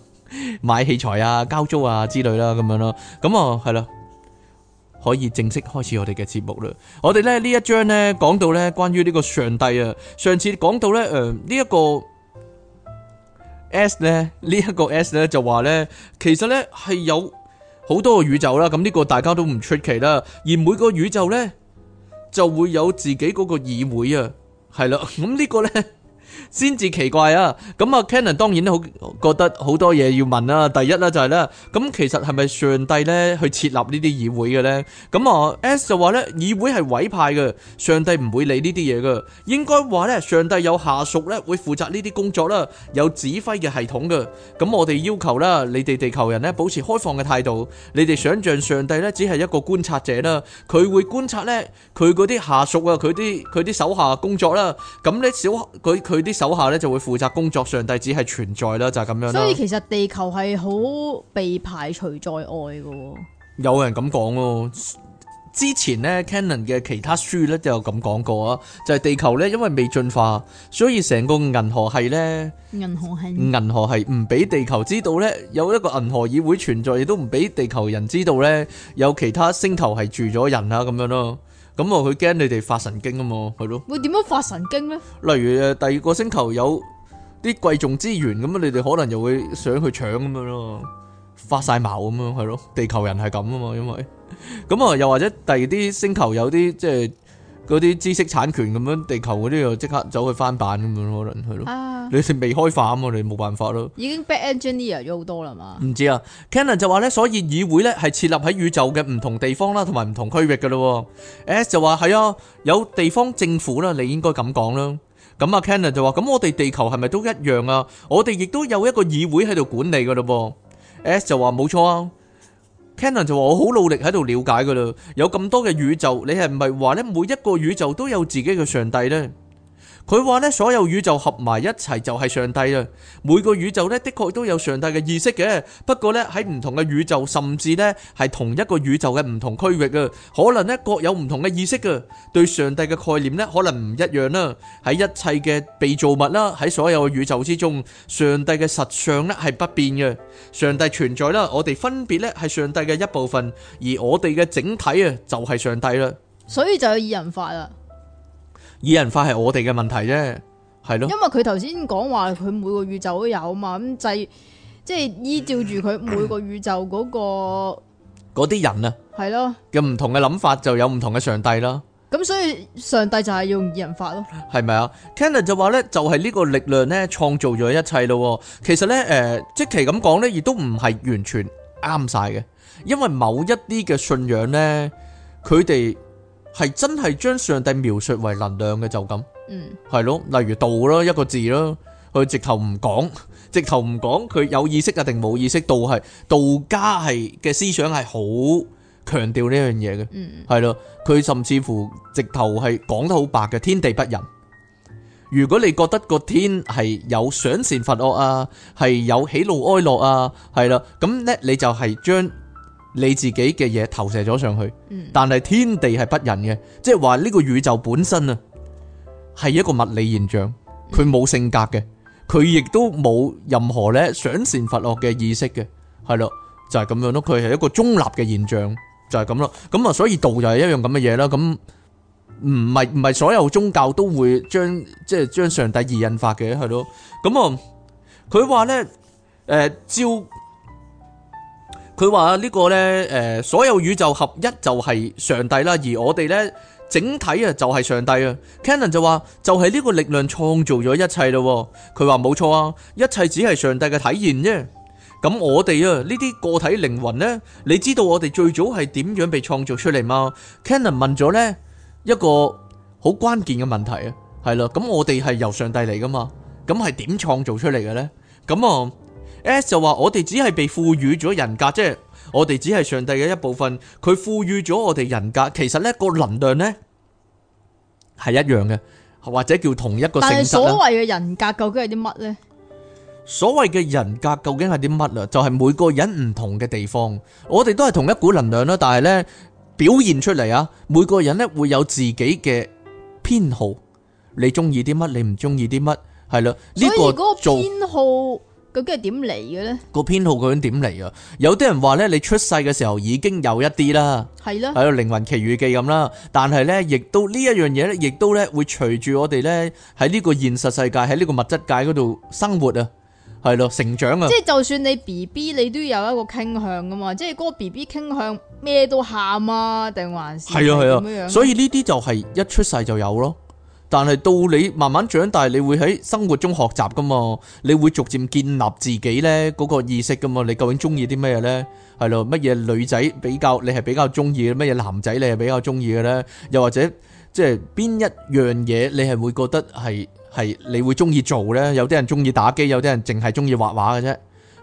買器材啊，交租啊之類啦，咁樣咯，咁啊，係咯，可以正式開始我哋嘅節目啦。我哋咧呢一章咧講到咧關於呢個上帝啊，上次講到咧誒呢一個 S 咧，呢一個 S 咧就話咧其實咧係有好多個宇宙啦，咁呢個大家都唔出奇啦，而每個宇宙咧就會有自己嗰個議會啊，係啦，咁呢個咧。 先至奇怪啊！咁啊，Canon 當然好覺得好多嘢要問啦，啊。第一啦就係、是、啦，咁、嗯、其實係咪上帝咧去設立呢啲議會嘅咧？咁、嗯、啊，S 就話咧，議會係委派嘅，上帝唔會理呢啲嘢嘅。應該話咧，上帝有下屬咧，會負責呢啲工作啦，有指揮嘅系統嘅。咁、嗯、我哋要求啦，你哋地球人咧保持開放嘅態度。你哋想象上帝咧，只係一個觀察者啦，佢會觀察咧佢嗰啲下屬啊，佢啲佢啲手下工作啦。咁咧小佢佢啲。手下咧就會負責工作，上帝只係存在啦，就係咁樣咯。所以其實地球係好被排除在外嘅。有人咁講喎，之前呢 Canon 嘅其他書咧就有咁講過啊，就係地球咧因為未進化，所以成個銀河系咧，銀河系銀河系唔俾地球知道咧，有一個銀河議會存在，亦都唔俾地球人知道咧，有其他星球係住咗人啊咁樣咯。咁啊，佢驚你哋發神經啊嘛，係咯。會點樣發神經咧？例如誒，第二個星球有啲貴重資源咁啊，你哋可能又會上去搶咁樣咯，發晒矛咁樣，係咯。地球人係咁啊嘛，因為咁啊， 又或者第二啲星球有啲即係。嗰啲知識產權咁樣，地球嗰啲又即刻走去翻版咁樣，可能係咯。你哋未開化嘛？你冇辦法咯。已經 back engineer 咗好多啦嘛。唔知啊 Cannon 就話咧，所以議會咧係設立喺宇宙嘅唔同地方啦，同埋唔同區域嘅咯。S 就話係啊，有地方政府啦，你應該咁講啦。咁啊 Cannon 就話，咁我哋地球係咪都一樣啊？我哋亦都有一個議會喺度管理嘅咯。S、mm. S 就話冇錯啊。Canon 就話：我好努力喺度了解㗎喇，有咁多嘅宇宙，你係唔係話咧每一個宇宙都有自己嘅上帝呢？佢話咧，所有宇宙合埋一齊就係上帝啊！每個宇宙咧的確都有上帝嘅意識嘅，不過咧喺唔同嘅宇宙，甚至咧係同一個宇宙嘅唔同區域啊，可能咧各有唔同嘅意識嘅，對上帝嘅概念咧可能唔一樣啦。喺一切嘅被造物啦，喺所有嘅宇宙之中，上帝嘅實相咧係不變嘅。上帝存在啦，我哋分別咧係上帝嘅一部分，而我哋嘅整體啊就係上帝啦。所以就有二人法啦。二人擬人化係我哋嘅問題啫，係咯。因為佢頭先講話佢每個宇宙都有啊嘛，咁就即、是、係、就是、依照住佢每個宇宙嗰、那個嗰啲 人啊，係咯，嘅唔同嘅諗法就有唔同嘅上帝啦。咁所以上帝就係用二人擬人化咯，係咪啊？Ken n 就話咧，就係呢個力量咧創造咗一切咯。其實咧，誒、呃，即其咁講咧，亦都唔係完全啱晒嘅，因為某一啲嘅信仰咧，佢哋。係真係將上帝描述為能量嘅，就咁，嗯，係咯，例如道咯一個字咯，佢直頭唔講，直頭唔講佢有意識啊定冇意識？道係道家係嘅思想係好強調呢樣嘢嘅，嗯，係咯，佢甚至乎直頭係講得好白嘅，天地不仁。如果你覺得個天係有賞善罰惡啊，係有喜怒哀樂啊，係啦，咁呢你就係將。你自己嘅嘢投射咗上去，但係天地係不仁嘅，即係話呢個宇宙本身啊，係一個物理現象，佢冇性格嘅，佢亦都冇任何咧想善、佛惡嘅意識嘅，係咯，就係咁樣咯，佢係一個中立嘅現象，就係咁咯，咁啊，所以道就係一樣咁嘅嘢啦，咁唔係唔係所有宗教都會將即係將上帝而引發嘅，係咯，咁啊，佢話咧，誒，照。佢話呢個咧，誒、呃，所有宇宙合一就係上帝啦，而我哋呢，整體啊就係上帝啊。Canon 就話，就係、是、呢個力量創造咗一切咯。佢話冇錯啊，一切只係上帝嘅體現啫。咁我哋啊，呢啲個體靈魂呢，你知道我哋最早係點樣被創造出嚟嗎？Canon 問咗呢一個好關鍵嘅問題啊，係啦，咁我哋係由上帝嚟噶嘛，咁係點創造出嚟嘅呢？咁啊？S, S 就話我哋只係被賦予咗人格，即係我哋只係上帝嘅一部分。佢賦予咗我哋人格，其實呢個能量呢，係一樣嘅，或者叫同一個性。但係所謂嘅人格究竟係啲乜呢？所謂嘅人格究竟係啲乜啊？就係每個人唔同嘅地方，我哋都係同一股能量啦。但係呢，表現出嚟啊，每個人呢會有自己嘅偏好，你中意啲乜，你唔中意啲乜，係咯？呢個做偏究竟係點嚟嘅咧？個編號究竟點嚟啊？有啲人話咧，你出世嘅時候已經有一啲啦，係啦的，喺度靈魂奇遇記咁啦。但係咧，亦都呢一樣嘢咧，亦都咧會隨住我哋咧喺呢個現實世界，喺呢個物質界嗰度生活啊，係咯，成長啊。即係就算你 B B 你都有一個傾向噶嘛，即係嗰個 B B 傾向咩都喊啊，定還是？係啊，係啊。所以呢啲就係一出世就有咯。但係到你慢慢長大，你會喺生活中學習噶嘛？你會逐漸建立自己呢嗰個意識噶嘛？你究竟中意啲咩呢？係咯，乜嘢女仔比較你係比較中意？乜嘢男仔你係比較中意嘅呢？又或者即係邊一樣嘢你係會覺得係係你會中意做呢？有啲人中意打機，有啲人淨係中意畫畫嘅啫。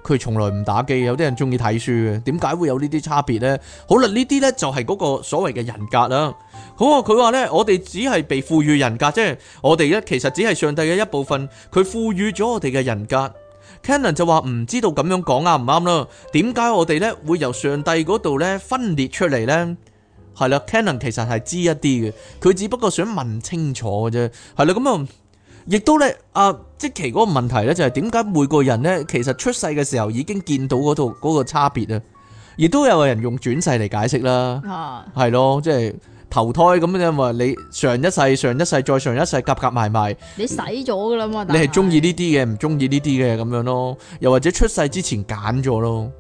佢從來唔打機，有啲人中意睇書嘅。點解會有呢啲差別呢？好啦，呢啲呢就係嗰個所謂嘅人格啦。好啊！佢話咧，我哋只係被賦予人格，即係我哋咧，其實只係上帝嘅一部分。佢賦予咗我哋嘅人格。Canon 就話唔知道咁樣講啱唔啱啦。點解我哋咧會由上帝嗰度咧分裂出嚟咧？係啦，Canon 其實係知一啲嘅，佢只不過想問清楚嘅啫。係啦，咁啊，亦都咧啊，即其嗰個問題咧就係點解每個人咧其實出世嘅時候已經見到嗰度嗰個差別啊？亦都有人用轉世嚟解釋啦，係咯，即係。投胎咁啫嘛，你上一世、上一世再上一世，夾夾埋埋，你使咗噶啦嘛，你係中意呢啲嘅，唔中意呢啲嘅咁樣咯，又或者出世之前揀咗咯，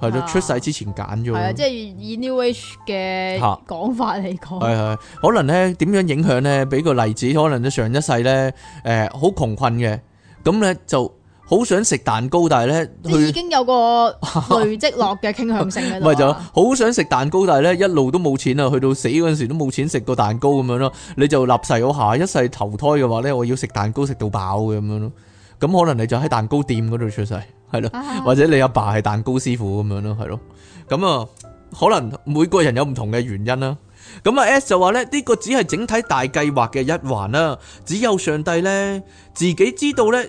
係咯，出世之前揀咗，係啊，即係以 New Age 嘅講法嚟講，係係，可能咧點樣影響咧？俾個例子，可能你上一世咧，誒，好窮困嘅，咁咧就。好想食蛋糕，但係咧，佢已經有個累積落嘅傾向性啦。唔係 就，好想食蛋糕，但係咧一路都冇錢啊，去到死嗰陣時都冇錢食個蛋糕咁樣咯。你就立誓我下一世投胎嘅話咧，我要食蛋糕食到飽嘅咁樣咯。咁可能你就喺蛋糕店嗰度出世，係咯， 或者你阿爸係蛋糕師傅咁樣咯，係咯。咁啊，可能每個人有唔同嘅原因啦。咁啊 S, 就話咧，呢個只係整體大計劃嘅一環啦，只有上帝咧自己知道咧。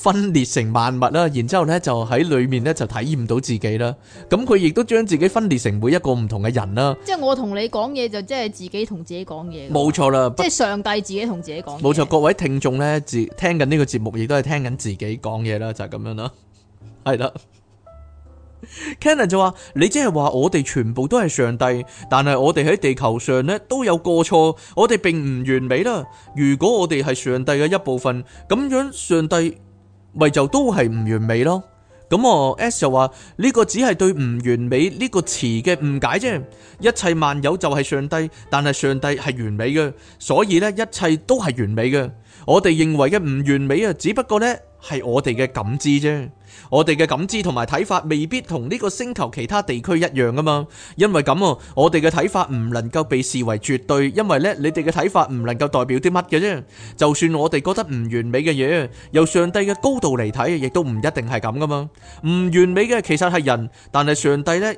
分裂成萬物啦，然之後咧就喺裏面咧就體驗到自己啦。咁佢亦都將自己分裂成每一個唔同嘅人啦。即係我同你講嘢就即、是、係自己同自己講嘢。冇錯啦，即係上帝自己同自己講嘢。冇錯，各位聽眾咧，自聽緊呢個節目亦都係聽緊自己講嘢啦，就係、是、咁樣啦。係 啦了，Cannon 就話，你即係話我哋全部都係上帝，但係我哋喺地球上咧都有過錯，我哋並唔完美啦。如果我哋係上帝嘅一部分，咁樣上帝。咪就都係唔完美咯，咁我 S 就話呢個只係對唔完美呢個詞嘅誤解啫，一切萬有就係上帝，但係上帝係完美嘅，所以咧一切都係完美嘅，我哋認為嘅唔完美啊，只不過呢係我哋嘅感知啫。我哋嘅感知同埋睇法未必同呢個星球其他地區一樣噶嘛，因為咁啊，我哋嘅睇法唔能夠被視為絕對，因為呢，你哋嘅睇法唔能夠代表啲乜嘅啫。就算我哋覺得唔完美嘅嘢，由上帝嘅高度嚟睇，亦都唔一定係咁噶嘛。唔完美嘅其實係人，但係上帝呢，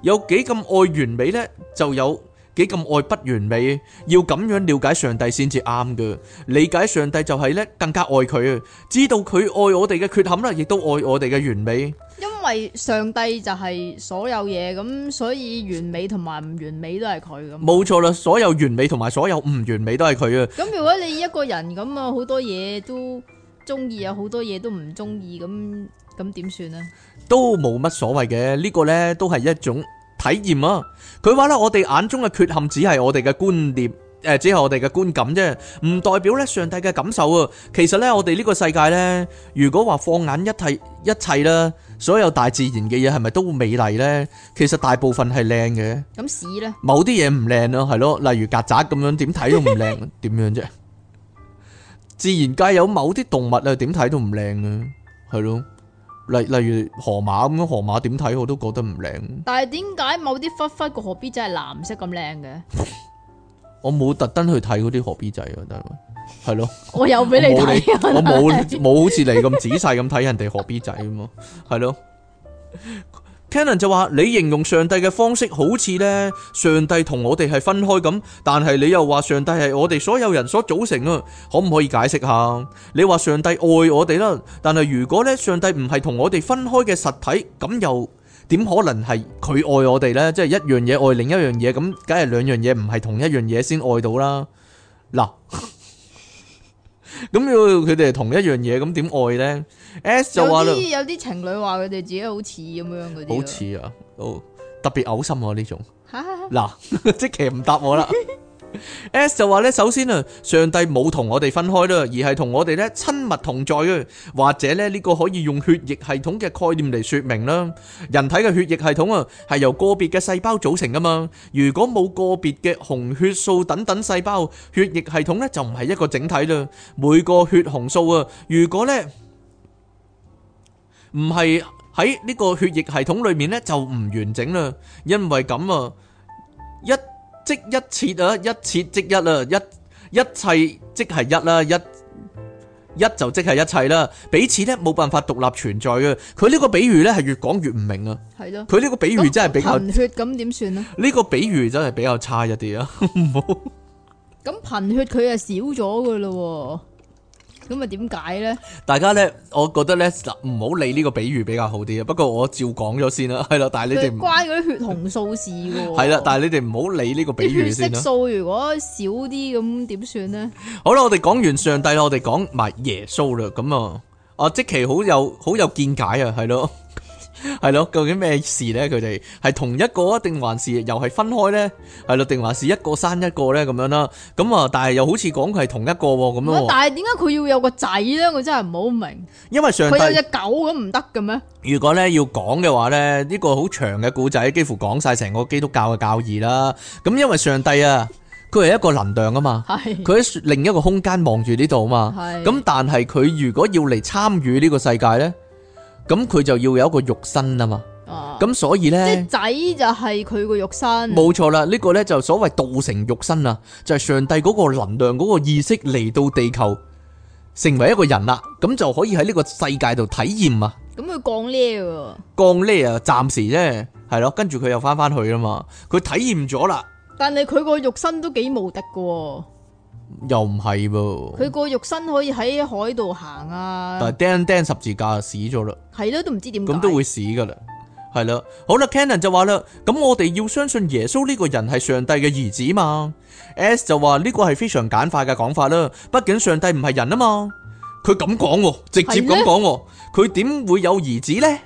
有幾咁愛完美呢？就有。幾咁愛不完美，要咁樣了解上帝先至啱嘅。理解上帝就係咧，更加愛佢，知道佢愛我哋嘅缺陷啦，亦都愛我哋嘅完美。因為上帝就係所有嘢咁，所以完美同埋唔完美都係佢咁。冇錯啦，所有完美同埋所有唔完美都係佢啊。咁如果你一個人咁啊，好多嘢都中意啊，好多嘢都唔中意，咁咁點算呢？都冇乜所謂嘅，呢個呢都係一種。體驗啊！佢話咧，我哋眼中嘅缺陷只係我哋嘅觀念，誒、呃，只係我哋嘅觀感啫，唔代表咧上帝嘅感受啊！其實咧，我哋呢個世界咧，如果話放眼一睇，一切啦，所有大自然嘅嘢係咪都美麗呢？其實大部分係靚嘅。咁屎啦！某啲嘢唔靚咯，係咯，例如曱甴咁樣，點睇都唔靚，點 樣啫？自然界有某啲動物啊，點睇都唔靚啊，係咯。例例如河馬咁樣，河馬點睇我都覺得唔靚。但係點解某啲忽忽個河 B 仔係藍色咁靚嘅？ 我冇特登去睇嗰啲河 B 仔啊，得嗎？係咯。我，我有俾你睇，我冇冇好似你咁仔細咁睇人哋河 B 仔啊嘛，係咯。n 聽 n 就話：你形容上帝嘅方式好似呢，上帝同我哋係分開咁，但係你又話上帝係我哋所有人所組成啊，可唔可以解釋下？你話上帝愛我哋啦，但係如果呢，上帝唔係同我哋分開嘅實體，咁又點可能係佢愛我哋呢？即、就、係、是、一樣嘢愛另一樣嘢，咁梗係兩樣嘢唔係同一樣嘢先愛到啦。嗱。咁要佢哋係同一樣嘢，咁點愛咧？S 就話，有啲有啲情侶話佢哋自己好似咁樣嗰啲，好似啊，好、哦，特別嘔心啊呢種。嗱， 即其唔答我啦。 S 就話咧，首先啊，上帝冇同我哋分開啦，而係同我哋咧親密同在啊。或者咧，呢個可以用血液系統嘅概念嚟說明啦。人體嘅血液系統啊，係由個別嘅細胞組成噶嘛。如果冇個別嘅紅血素等等細胞，血液系統咧就唔係一個整體啦。每個血紅素啊，如果咧唔係喺呢個血液系統裏面咧，就唔完整啦。因為咁啊，一。即一切啊，一切即一啊，一一切即係一啦，一一就即係一切啦。彼此咧冇辦法獨立存在啊！佢呢個比喻咧係越講越唔明啊！係咯了，佢呢個比喻真係比較貧血，咁點算咧？呢個比喻真係比較差一啲啊！咁貧血佢係少咗噶啦。咁啊，點解咧？大家咧，我覺得咧，唔好理呢個比喻比較好啲啊。不過我照講咗先啦，係啦。但係你哋唔關嗰啲血紅素事嘅係啦。但係你哋唔好理呢個比喻先啦。血色素如果少啲，咁點算咧？好啦，我哋講完上帝啦，我哋講埋耶穌啦。咁啊，阿、啊、即琪好有好有見解啊，係咯。係咯，究竟咩事咧？佢哋係同一個，定還是又係分開咧？係咯，定還是一個生一個咧？咁樣啦，咁啊，但係又好似講佢係同一個喎，咁樣。但係點解佢要有個仔咧？我真係唔好明。因為上帝佢有隻狗咁唔得嘅咩？如果咧，要講嘅話咧，呢個好長嘅古仔，幾乎講晒成個基督教嘅教義啦。咁因為上帝啊，佢係一個能量啊嘛，佢喺另一個空間望住呢度啊嘛，咁但係佢如果要嚟參與呢個世界咧？咁佢就要有一個肉身啊嘛，咁、啊、所以呢，咧，仔就係佢個肉身，冇錯啦。呢、這個呢就所謂道成肉身啊，就係、是、上帝嗰個能量嗰、那個意識嚟到地球成為一個人啦，咁就可以喺呢個世界度體驗啊。咁佢降呢？降呢？啊？暫時啫，係咯，跟住佢又翻翻去啦嘛，佢體驗咗啦。但係佢個肉身都幾無敵噶、哦。又唔係噃，佢個肉身可以喺海度行啊！但係釘釘十字架就死咗啦，係咯，都唔知點解咁都會死噶啦，係啦，好啦，Cannon 就話啦，咁我哋要相信耶穌呢個人係上帝嘅兒子嘛？S 就話呢個係非常簡化嘅講法啦，畢竟上帝唔係人啊嘛，佢咁講，直接咁講，佢點的會有兒子呢？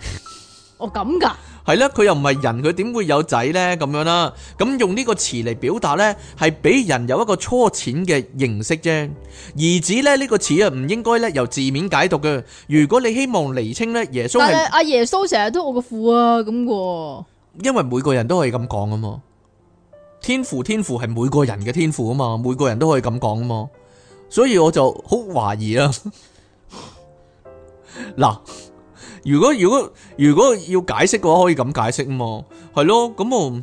哦， 咁噶？係啦，佢又唔係人，佢點會有仔呢？咁樣啦，咁用呢個詞嚟表達呢，係俾人有一個初淺嘅認識啫。兒子咧呢個詞啊，唔應該咧由字面解讀嘅。如果你希望釐清呢，耶穌係阿耶穌成日都我個父啊咁嘅，因為每個人都可以咁講啊嘛。天父，天父係每個人嘅天父啊嘛，每個人都可以咁講啊嘛，所以我就好懷疑啊嗱。 如果如果如果要解釋嘅話，可以咁解釋啊嘛，係咯，咁我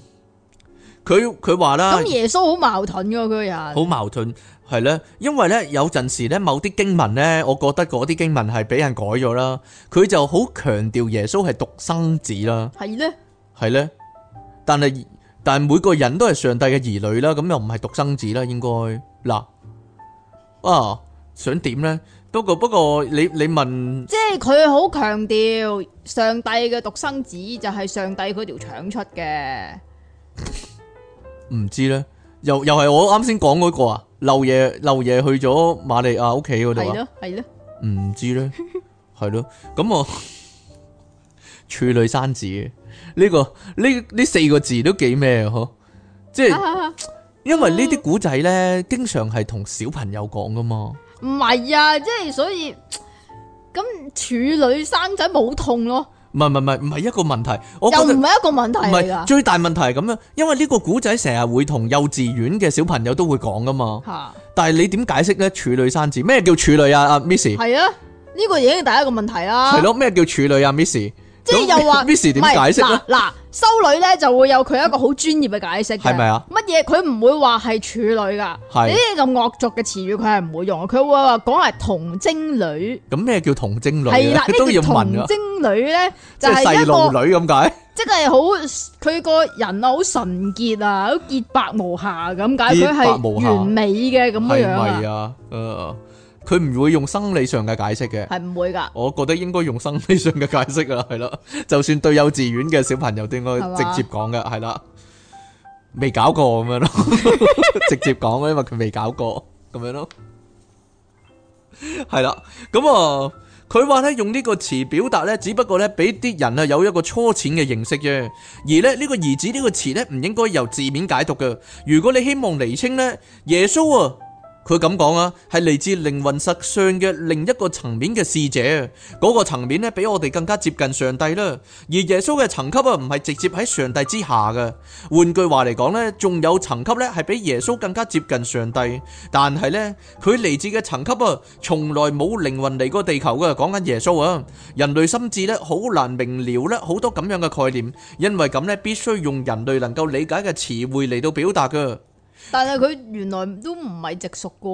佢佢話啦，咁耶穌好矛盾噶，佢個人好矛盾係咧，因為咧有陣時咧某啲經文咧，我覺得嗰啲經文係俾人改咗啦，佢就好強調耶穌係獨生子啦，係咧係咧，但係但係每個人都係上帝嘅兒女啦，咁又唔係獨生子啦，應該嗱，啊想點咧？不過不過，你你問，即係佢好強調上帝嘅獨生子就係上帝嗰條腸出嘅，唔知咧，又又係我啱先講嗰個啊，漏夜漏夜去咗瑪利亞屋企嗰度啊，係咯，唔知咧，係咯， 咁我 處女生子呢、呢個呢呢四個字都幾咩嗬，即係、啊啊、因為呢啲古仔咧，啊、經常係同小朋友講噶嘛。唔係啊，即係所以咁處女生仔冇痛咯。唔係唔係唔係唔係一個問題，我覺得又唔係一個問題嚟噶。最大問題係咁樣，因為呢個古仔成日會同幼稚園嘅小朋友都會講噶嘛。的但係你點解釋咧？處女生仔，咩叫處女啊？Miss 係啊，呢、這個已經係第一個問題啦。係咯，咩叫處女啊？Miss 即係又話 Miss 點解釋咧？嗱修女咧就會有佢一個好專業嘅解釋，係咪啊？乜嘢佢唔會話係處女噶，呢啲咁惡俗嘅詞語佢係唔會用，佢會話講係童貞女。咁咩叫童貞女啊？呢個童貞女咧就係一個女咁解，即係好佢個人啊，好純潔啊，好潔白無瑕咁解，佢係完美嘅咁樣啊。佢唔會用生理上嘅解釋嘅，係唔會噶。我覺得應該用生理上嘅解釋噶啦，係咯。就算對幼稚園嘅小朋友都應該直接講嘅的，係啦。未搞過咁樣咯， 直接講，因為佢未搞過咁樣咯。 係、嗯、啦，咁啊，佢話咧用個詞呢個詞表達咧，只不過咧俾啲人啊有一個初淺嘅認識啫。而咧呢、這個兒子個詞呢個詞咧唔應該由字面解讀噶。如果你希望釐清咧耶穌啊。佢咁講啊，係嚟自靈魂實相嘅另一個層面嘅使者，嗰、那個層面呢，比我哋更加接近上帝啦。而耶穌嘅層級啊，唔係直接喺上帝之下嘅。換句話嚟講呢，仲有層級呢，係比耶穌更加接近上帝，但係呢，佢嚟自嘅層級啊，從來冇靈魂嚟過地球噶。講緊耶穌啊，人類心智呢，好難明了呢好多咁樣嘅概念，因為咁呢，必須用人類能夠理解嘅詞彙嚟到表達噶。但係佢原來都唔係直屬嘅喎，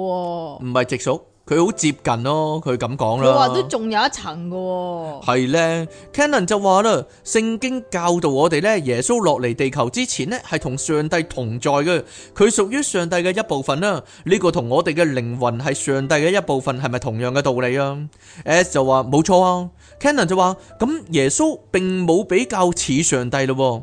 唔係直屬，佢好接近咯。佢咁講啦，佢話都仲有一層嘅喎。係咧，Cannon 就話啦，聖經教導我哋咧，耶穌落嚟地球之前咧，係同上帝同在嘅，佢屬於上帝嘅一部分啦。呢個同我哋嘅靈魂係上帝嘅一部分，係咪同樣嘅道理啊？S 就話冇錯啊，Cannon 就話咁耶穌並冇比較似上帝咯。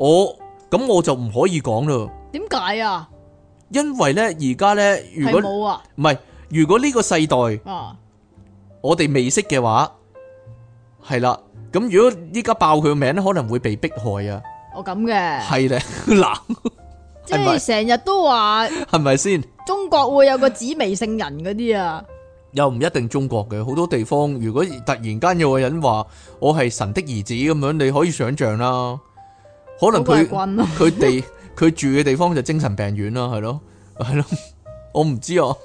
我咁我就唔可以講咯。點解啊？因為咧，而家咧，如果係冇啊，唔係如果呢個世代啊，我哋未識嘅話，係啦。咁如果依家爆佢個名咧，可能會被迫害啊。我咁嘅係啦，嗱，即係成日都話係咪先？中國會有個紫微聖人嗰啲啊？又唔一定中國嘅，好多地方。如果突然間有個人話我係神的兒子咁樣，你可以想象啦。可能佢佢 地佢住嘅地方就精神病院啦，係咯，係咯，我唔知啊。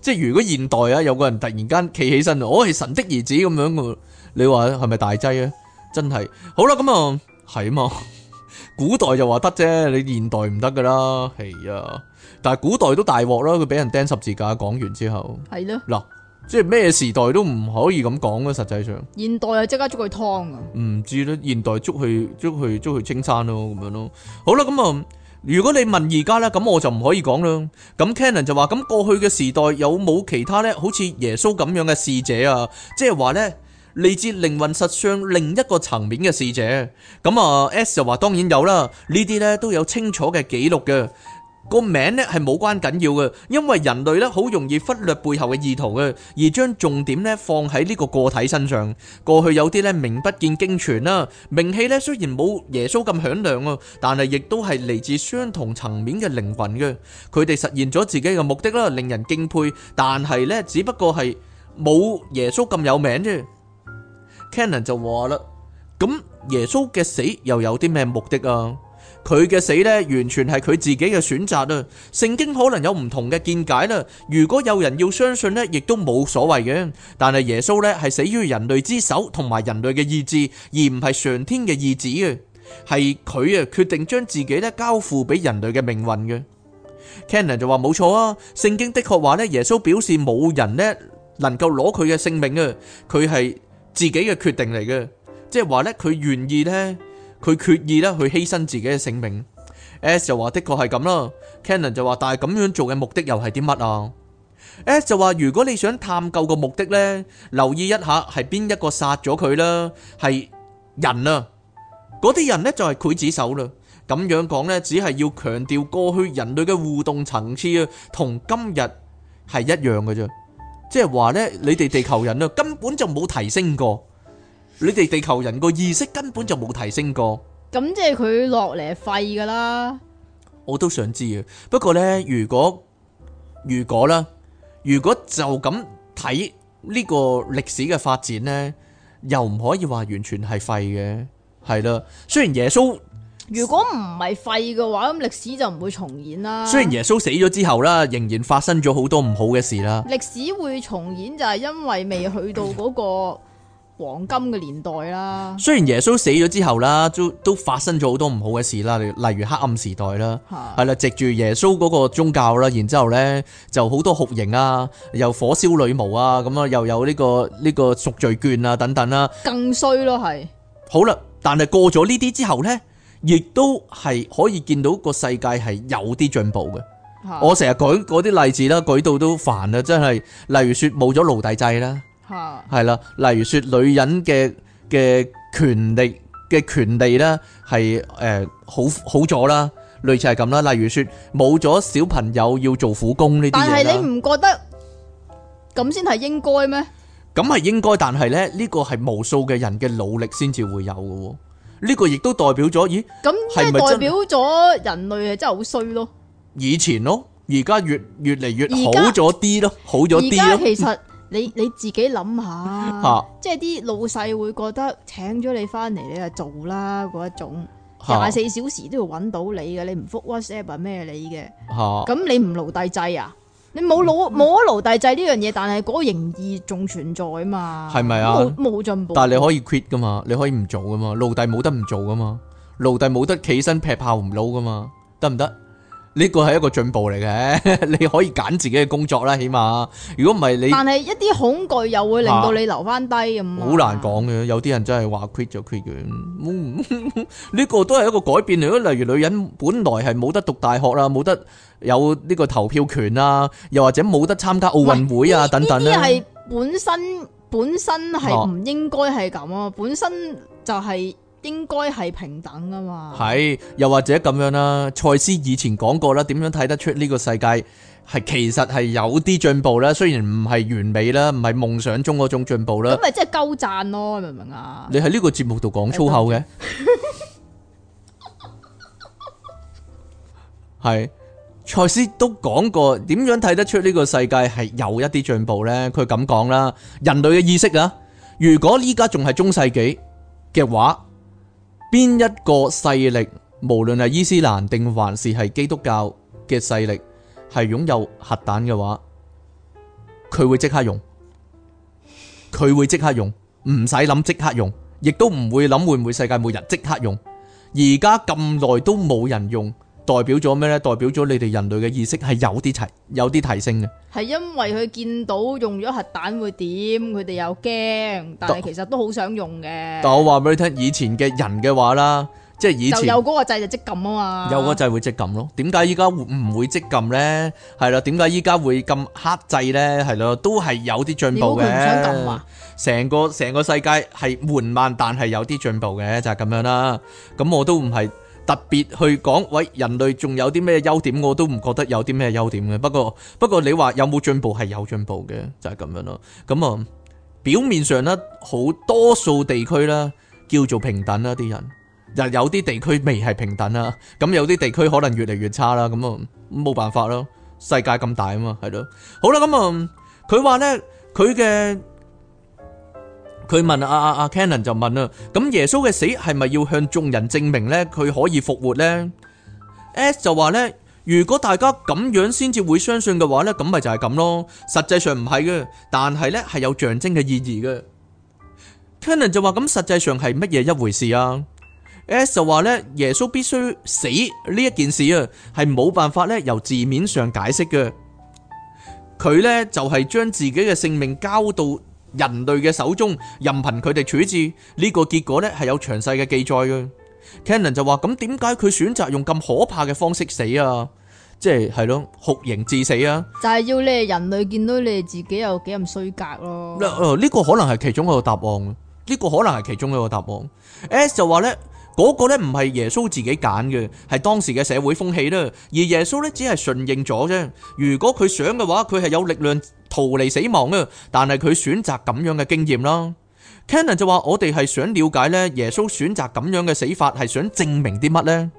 即係如果現代啊，有個人突然間企起身，我係神的兒子咁樣，你話係咪大劑啊？真係。好啦，咁、嗯、啊，係啊嘛，古代就話得啫，你現代唔得噶啦。係啊，但係古代都大鑊啦，佢俾人釘十字架，講完之後，係咯的，嗱。即係咩時代都唔可以咁講咯，實際上。現代啊，即刻捉佢劏啊！唔知咧，現代捉去捉去捉去青山咯，咁樣咯。好啦，咁啊，如果你問而家咧，咁我就唔可以講啦。咁 Canon 就話：咁過去嘅時代有冇其他咧？好似耶穌咁樣嘅使者啊，即係話咧，來自靈魂實相另一個層面嘅使者。咁啊，S 就話當然有啦，呢啲咧都有清楚嘅記錄嘅。個名咧，係冇關緊要嘅，因為人類咧好容易忽略背後嘅意圖嘅，而將重點咧放喺呢個個體身上。過去有啲咧名不見經傳啦，名氣咧雖然冇耶穌咁響亮啊，但係亦都係嚟自相同層面嘅靈魂嘅。佢哋實現咗自己嘅目的啦，令人敬佩。但係咧，只不過係冇耶穌咁有名啫。Cannon 就話啦，咁耶穌嘅死又有啲咩目的啊？佢嘅死呢，完全係佢自己嘅選擇啊！聖經可能有唔同嘅見解啦。如果有人要相信呢，亦都冇所謂嘅。但係耶穌呢，係死於人類之手同埋人類嘅意志，而唔係上天嘅意志嘅。係佢啊，決定將自己呢交付俾人類嘅命運嘅。Cannon 就話冇錯啊，聖經的確話呢，耶穌表示冇人呢能夠攞佢嘅性命嘅，佢係自己嘅決定嚟嘅，即係話呢，佢願意呢。佢決意咧去犧牲自己嘅性命，S 就話：的確係咁啦。Canon 就話：但係咁樣做嘅目的又係啲乜啊？S 就話：如果你想探究個目的咧，留意一下係邊一個殺咗佢啦，係人啊，嗰啲人咧就係劊子手啦。咁樣講咧，只係要強調過去人類嘅互動層次啊，同今日係一樣嘅啫。即係話咧，你哋地球人啊，根本就冇提升過。你哋地球人個意識根本就冇提升過，咁即係佢落嚟係廢㗎啦。我都想知啊，不過呢，如果如果咧，如果就咁睇呢個歷史嘅發展呢，又唔可以話完全係廢嘅。係啦，雖然耶穌如果唔係廢嘅話，咁歷史就唔會重演啦。雖然耶穌死咗之後啦，仍然發生咗好多唔好嘅事啦。歷史會重演就係因為未去到嗰個。 黃金嘅年代啦，雖然耶穌死咗之後啦，都都發生咗好多唔好嘅事啦，例如黑暗時代啦，係啦的，藉住耶穌嗰個宗教啦，然之後咧就好多酷刑啊，又火燒女巫啊，咁啊，又有呢個呢個贖罪券啊，等等啦，更衰咯，係好啦，但係過咗呢啲之後呢，亦都係可以見到個世界係有啲進步嘅。的我成日舉嗰啲例子啦，舉到都煩啦，真係，例如說冇咗奴隸制啦。係啦，例如說女人嘅嘅權力嘅權利咧，係誒好好咗啦，類似係咁啦。例如說冇咗小朋友要做苦工呢啲嘢啦。但係你唔覺得咁先係應該咩？咁係應該，但係咧呢個係無數嘅人嘅努力先至會有嘅喎。呢個亦都代表咗，咦？咁即係代表咗人類係真係好衰咯。以前咯，而家越越嚟越好咗啲咯，好咗啲咯。而家其實。你你自己諗下， 即係啲老細會覺得請咗你翻嚟你就做啦嗰一種，廿四 小時都要搵到你嘅，你唔覆 WhatsApp 咩你嘅，咁 你唔奴隸制，奴隸制 是是啊？你冇老冇咗奴隸制呢樣嘢，但係嗰個形意仲存在啊嘛，係咪啊？冇進步。但係你可以 quit 噶嘛，你可以唔做噶嘛，奴隸冇得唔做噶嘛，奴隸冇得起身劈炮唔撈噶嘛，得唔得？呢個係一個進步嚟嘅，你可以揀自己嘅工作啦，起碼。如果唔係你，但係一啲恐懼又會令到你留翻低咁。好、啊啊、難講嘅，有啲人真係話 quit 咗 quit 嘅。呢、嗯嗯嗯嗯嗯嗯，這個都係一個改變嚟，例如女人本來係冇得讀大學啦，冇得有呢個投票權啦，又或者冇得參加奧運會啊這等等啊。呢啲係本身本身係唔應該係咁啊，本身、啊、本身就係、是。應該係平等啊嘛，係又或者咁樣啦。蔡司以前講過啦，點樣睇得出呢個世界係其實係有啲進步咧？雖然唔係完美啦，唔係夢想中嗰種進步啦。咁咪即係鳩讚咯，明唔明啊？你喺呢個節目度講粗口嘅，係蔡司都講過點樣睇得出呢個世界係有一啲進步呢？佢咁講啦，人類嘅意識啊，如果依家仲係中世紀嘅話。邊一個勢力，無論係伊斯蘭定還是係基督教嘅勢力，係擁有核彈嘅話，佢會即刻用，佢會即刻用，唔使諗即刻用，亦都唔會諗會唔會世界末日即刻用，而家咁耐都冇人用。代表咗咩呢？代表咗你哋人類嘅意識係有啲提，有啲提升嘅。係因為佢見到用咗核彈會點，佢哋又驚，但係其實都好想用嘅。但我話俾你聽，以前嘅人嘅話啦，即係以前有嗰個掣就即撳啊嘛，有個掣會即撳咯。點解依家唔會即撳呢？係啦，點解依家會咁克制呢？係咯，都係有啲進步嘅。成個成個世界係緩慢，但係有啲進步嘅就係咁樣啦。咁我都唔係。特別去講，喂，人類仲有啲咩優點？我都唔覺得有啲咩優點嘅。不過不過，你話有冇進步係有進步嘅，就係、是、咁樣咯。咁啊、嗯，表面上呢，好多數地區啦，叫做平等啦，啲人又有啲地區未係平等啦。咁、嗯、有啲地區可能越嚟越差啦。咁啊冇辦法咯，世界咁大啊嘛，係咯。好啦，咁啊佢話呢，佢嘅。佢問阿阿阿 Cannon 就問啦，咁耶穌嘅死係咪要向眾人證明呢佢可以復活呢？S 就話呢，如果大家咁樣先至會相信嘅話呢，咁咪就係咁咯。實際上唔係嘅，但係呢係有象徵嘅意義嘅。Cannon 就話咁實際上係乜嘢一回事啊？S 就話呢，耶穌必須死呢一件事啊，係冇辦法呢由字面上解釋嘅。佢呢就係將自己嘅性命交到人類嘅手中，任憑佢哋處置呢、這個結果咧係有詳細嘅記載嘅。Canon 就話：咁點解佢選擇用咁可怕嘅方式死啊？即係係咯，酷刑致死啊！就係要你人類見到你哋自己有幾咁衰格咯、啊。呢個可能係其中一個答案呢、這個可能係其中一個答案。S 就話呢。嗰個呢唔係耶穌自己揀嘅，係當時嘅社會風氣啦。而耶穌呢，只係順應咗啫。如果佢想嘅話，佢係有力量逃離死亡啊。但係佢選擇咁樣嘅經驗啦。Cannon 就話：我哋係想了解呢，耶穌選擇咁樣嘅死法係想證明啲乜呢？」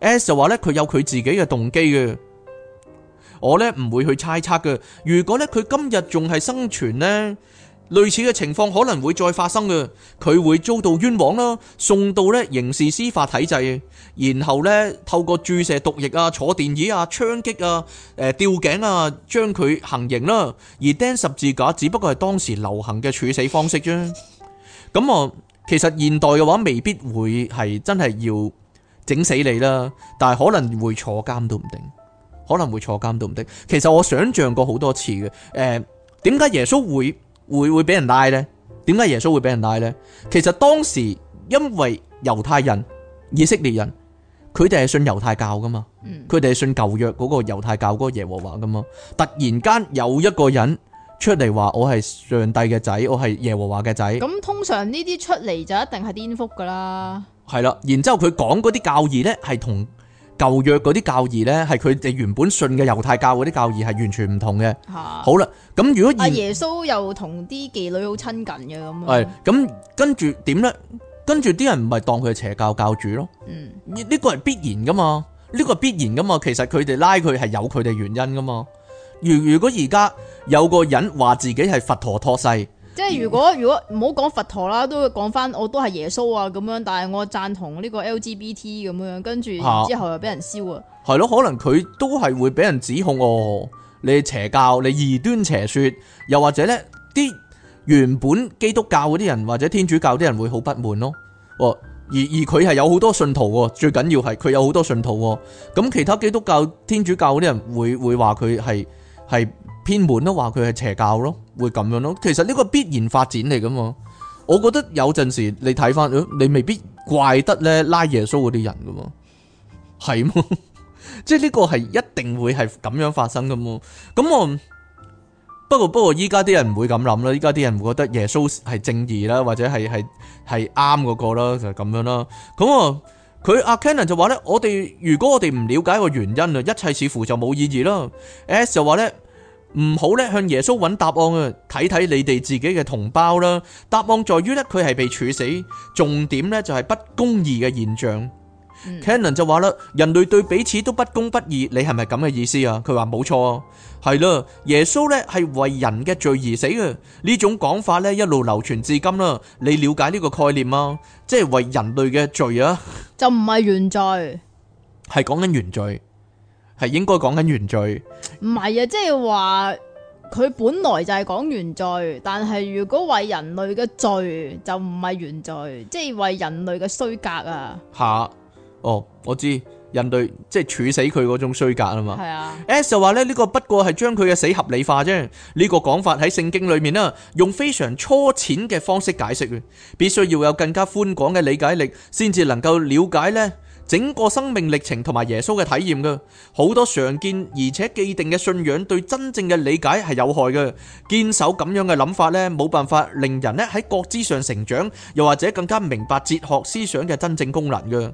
S 就話呢，佢有佢自己嘅動機嘅。我呢，唔會去猜測嘅。如果呢，佢今日仲係生存呢。類似嘅情況可能會再發生嘅，佢會遭到冤枉啦，送到咧刑事司法體制，然後咧透過注射毒液啊、坐電椅啊、槍擊啊、誒、呃、吊頸啊，將佢行刑啦。而釘十字架只不過係當時流行嘅處死方式啫。咁啊，其實現代嘅話未必會係真係要整死你啦，但係可能會坐監都唔定，可能會坐監都唔定。其實我想象過好多次嘅，誒，點解耶穌會？會會俾人拉呢？點解耶穌會俾人拉呢？其實當時因為猶太人、以色列人，佢哋係信猶太教噶嘛，佢哋係信舊約嗰個猶太教嗰個耶和華噶嘛。突然間有一個人出嚟話我係上帝嘅仔，我係耶和華嘅仔。咁通常呢啲出嚟就一定係顛覆噶啦。係啦，然之後佢講嗰啲教義呢係同。舊約嗰啲教義呢，係佢哋原本信嘅猶太教嗰啲教義係完全唔同嘅。啊、好啦，咁如果阿耶穌又同啲妓女好親近嘅咁，係咁跟住點呢？跟住啲人唔係當佢係邪教教主咯。嗯，呢個係必然噶嘛？呢、呢個係必然噶嘛？其實佢哋拉佢係有佢哋原因噶嘛？如如果而家有個人話自己係佛陀託世。即係如果如果唔好講佛陀啦，都會講翻我都係耶穌啊咁樣，但係我贊同呢個 LGBT 咁樣，跟住之後又俾人燒啊。係咯，可能佢都係會俾人指控哦。你邪教，你異端邪說，又或者呢啲原本基督教嗰啲人或者天主教啲人會好不滿咯。哦，而而佢係有好多信徒嘅，最緊要係佢有好多信徒。咁其他基督教、天主教嗰啲人會會話佢係係。偏門都話佢係邪教咯，會咁樣咯。其實呢個必然發展嚟噶嘛。我覺得有陣時你睇翻，你未必怪得咧拉耶穌嗰啲人噶喎，係嘛？即係呢個係一定會係咁樣發生噶嘛。咁我不過不過依家啲人唔會咁諗啦。依家啲人會覺得耶穌係正義啦，或者係係係啱嗰個啦，就係咁樣啦。咁啊，佢阿 Kenan 就話咧：我哋如果我哋唔了解個原因啊，一切似乎就冇意義啦。S 就話咧。唔好咧，向耶穌揾答案啊！睇睇你哋自己嘅同胞啦，答案在於呢佢係被處死，重點呢就係不公義嘅現象。Canon 就話啦，人類對彼此都不公不義，你係咪咁嘅意思啊？佢話冇錯，係啦，耶穌呢係為人嘅罪而死嘅，呢種講法呢一路流傳至今啦。你了解呢個概念嗎？即係為人類嘅罪啊？就唔係原罪，係講緊原罪。係應該講緊原罪，唔係啊，即係話佢本來就係講原罪，但係如果為人類嘅罪就唔係原罪，即係為人類嘅衰格啊。吓，哦，我知人類即係處死佢嗰種衰格啊嘛。係啊，S 就話咧，呢個不過係將佢嘅死合理化啫。呢個講法喺聖經裏面啦，用非常初淺嘅方式解釋嘅，必須要有更加寬廣嘅理解力，先至能夠了解呢，整個生命歷程同埋耶穌嘅體驗嘅好多常見而且既定嘅信仰對真正嘅理解係有害嘅。堅守咁樣嘅諗法咧，冇辦法令人咧喺覺知上成長，又或者更加明白哲學思想嘅真正功能嘅。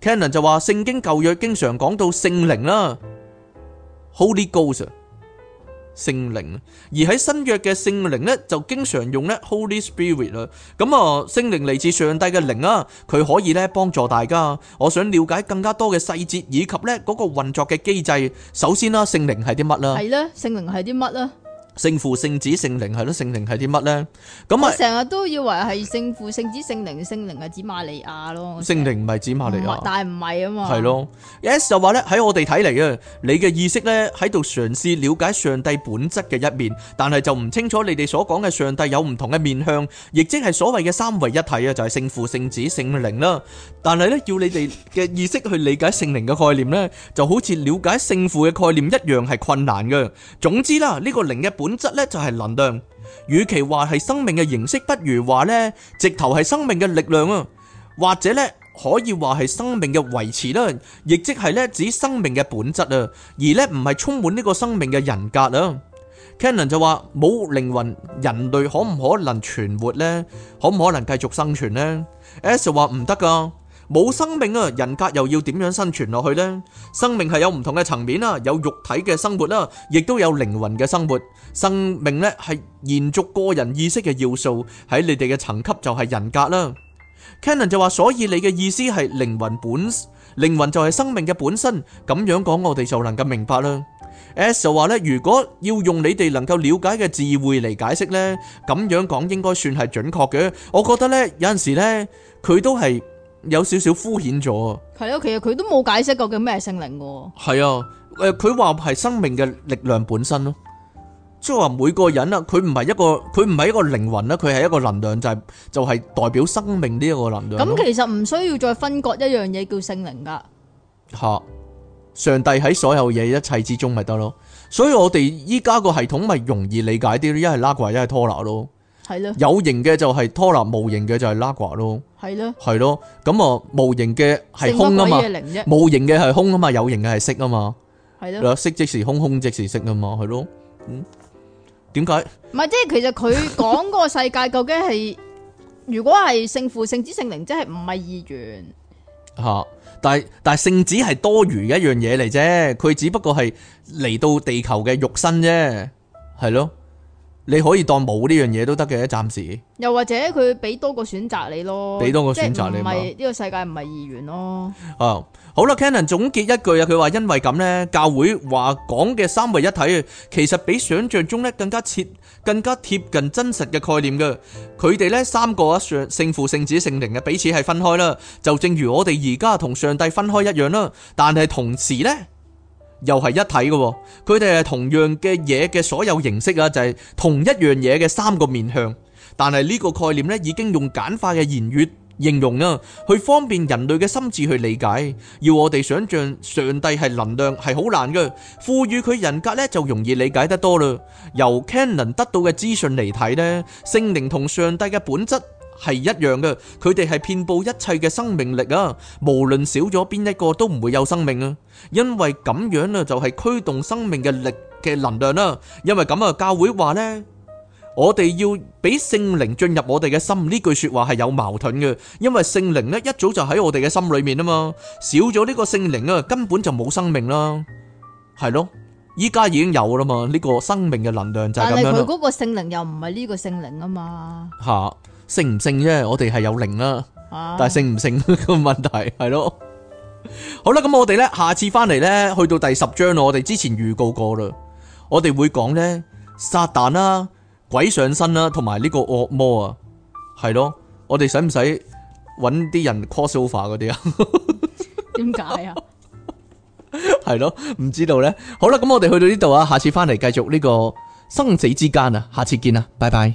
Canon 就話聖經舊約經常講到聖靈啦，Holy Ghost。聖靈，而喺新約嘅聖靈呢，就經常用呢 Holy Spirit 啦。咁啊，聖靈嚟自上帝嘅靈啊，佢可以呢幫助大家。我想了解更加多嘅細節，以及呢嗰個運作嘅機制。首先啦，聖靈係啲乜啦？係啦，聖靈係啲乜啦？聖父、聖子、聖靈係咯，聖靈係啲乜咧？咁啊，我成日都以為係聖父、聖子、聖靈，聖靈係指瑪利亞咯。聖靈唔係指瑪利亞，但係唔係啊嘛？係咯，yes 就話咧，喺我哋睇嚟啊，你嘅意識咧喺度嘗試了解上帝本質嘅一面，但係就唔清楚你哋所講嘅上帝有唔同嘅面向，亦即係所謂嘅三位一體啊，就係聖父、聖子、聖靈啦。但係咧，要你哋嘅意識去理解聖靈嘅概念咧，就好似了解聖父嘅概念一樣係困難嘅。總之啦，呢個另一。本質咧就係能量，與其話係生命嘅形式，不如話咧直頭係生命嘅力量啊，或者咧可以話係生命嘅維持啦，亦即係咧指生命嘅本質啊，而咧唔係充滿呢個生命嘅人格啊。Cannon 就話冇靈魂，人類可唔可能存活咧？可唔可能繼續生存咧？S 話唔得噶。冇生命啊，人格又要點樣生存落去呢？生命係有唔同嘅層面啊，有肉體嘅生活啦，亦都有靈魂嘅生活。生命咧係延續個人意識嘅要素，喺你哋嘅層級就係人格啦。Cannon 就話，所以你嘅意思係靈魂本，靈魂就係生命嘅本身。咁樣講，我哋就能夠明白啦。S 就話咧，如果要用你哋能夠了解嘅智慧嚟解釋呢，咁樣講應該算係準確嘅。我覺得呢，有陣時呢，佢都係。有少少敷衍咗啊！係咯，其實佢都冇解釋過叫咩聖靈噶。係啊，誒，佢話係生命嘅力量本身咯，即係話每個人啦，佢唔係一個，佢唔係一個靈魂啦，佢係一個能量，就係就係代表生命呢一個能量。咁其實唔需要再分割一樣嘢叫聖靈噶。吓，上帝喺所有嘢一切之中咪得咯，所以我哋依家個系統咪容易理解啲咯，一係拉怪，一係拖拿咯。有形嘅就係拖拉，無形嘅就係拉刮咯。係咯，係咯。咁啊，無形嘅係空啊嘛，無形嘅係空啊嘛，有形嘅係色啊嘛。係咯，色即是空，空即是色啊嘛，係咯。嗯，點解？唔係即係，其實佢講嗰個世界究竟係，如果係聖父、聖子、聖靈，即係唔係二元。吓，但係但係聖子係多餘一樣嘢嚟啫，佢只不過係嚟到地球嘅肉身啫，係咯。你可以當冇呢樣嘢都得嘅，暫時。又或者佢俾多個選擇你咯，俾多個選擇你嘛。呢個世界唔係二元咯。啊、嗯，好啦，Canon 總結一句啊，佢話因為咁呢，教會話講嘅三位一體，其實比想像中呢更加切、更加貼近真實嘅概念嘅。佢哋呢三個啊，上聖父、聖子、聖靈嘅彼此係分開啦，就正如我哋而家同上帝分開一樣啦。但係同時呢。又係一體嘅，佢哋係同樣嘅嘢嘅所有形式啊，就係同一樣嘢嘅三個面向。但係呢個概念呢，已經用簡化嘅言語形容啊，去方便人類嘅心智去理解。要我哋想像上帝係能量係好難嘅，賦予佢人格呢，就容易理解得多啦。由 Cannon 得到嘅資訊嚟睇呢，聖靈同上帝嘅本質，係一樣嘅，佢哋係遍佈一切嘅生命力啊！無論少咗邊一個都唔會有生命啊，因為咁樣啊就係驅動生命嘅力嘅能量啦。因為咁啊，教會話呢，我哋要俾聖靈進入我哋嘅心呢句說話係有矛盾嘅，因為聖靈呢一早就喺我哋嘅心裏面啊嘛，少咗呢個聖靈啊根本就冇生命啦，係咯，依家已經有啦嘛，呢個生命嘅能量就係咁樣咯。但係佢嗰個聖靈又唔係呢個聖靈啊嘛，吓。勝唔勝啫？我哋係有靈啦，但係勝唔勝個問題係咯。好啦，咁我哋咧，下次翻嚟咧，去到第十章啦。我哋之前預告過啦，我哋會講咧，撒旦啦、鬼上身啦，同埋呢個惡魔啊，係咯。我哋使唔使搵啲人 call sofa 嗰啲啊？點解啊？係咯，唔知道咧。好啦，咁我哋去到呢度啊，下次翻嚟繼續呢個生死之間啊，下次見啊，拜拜。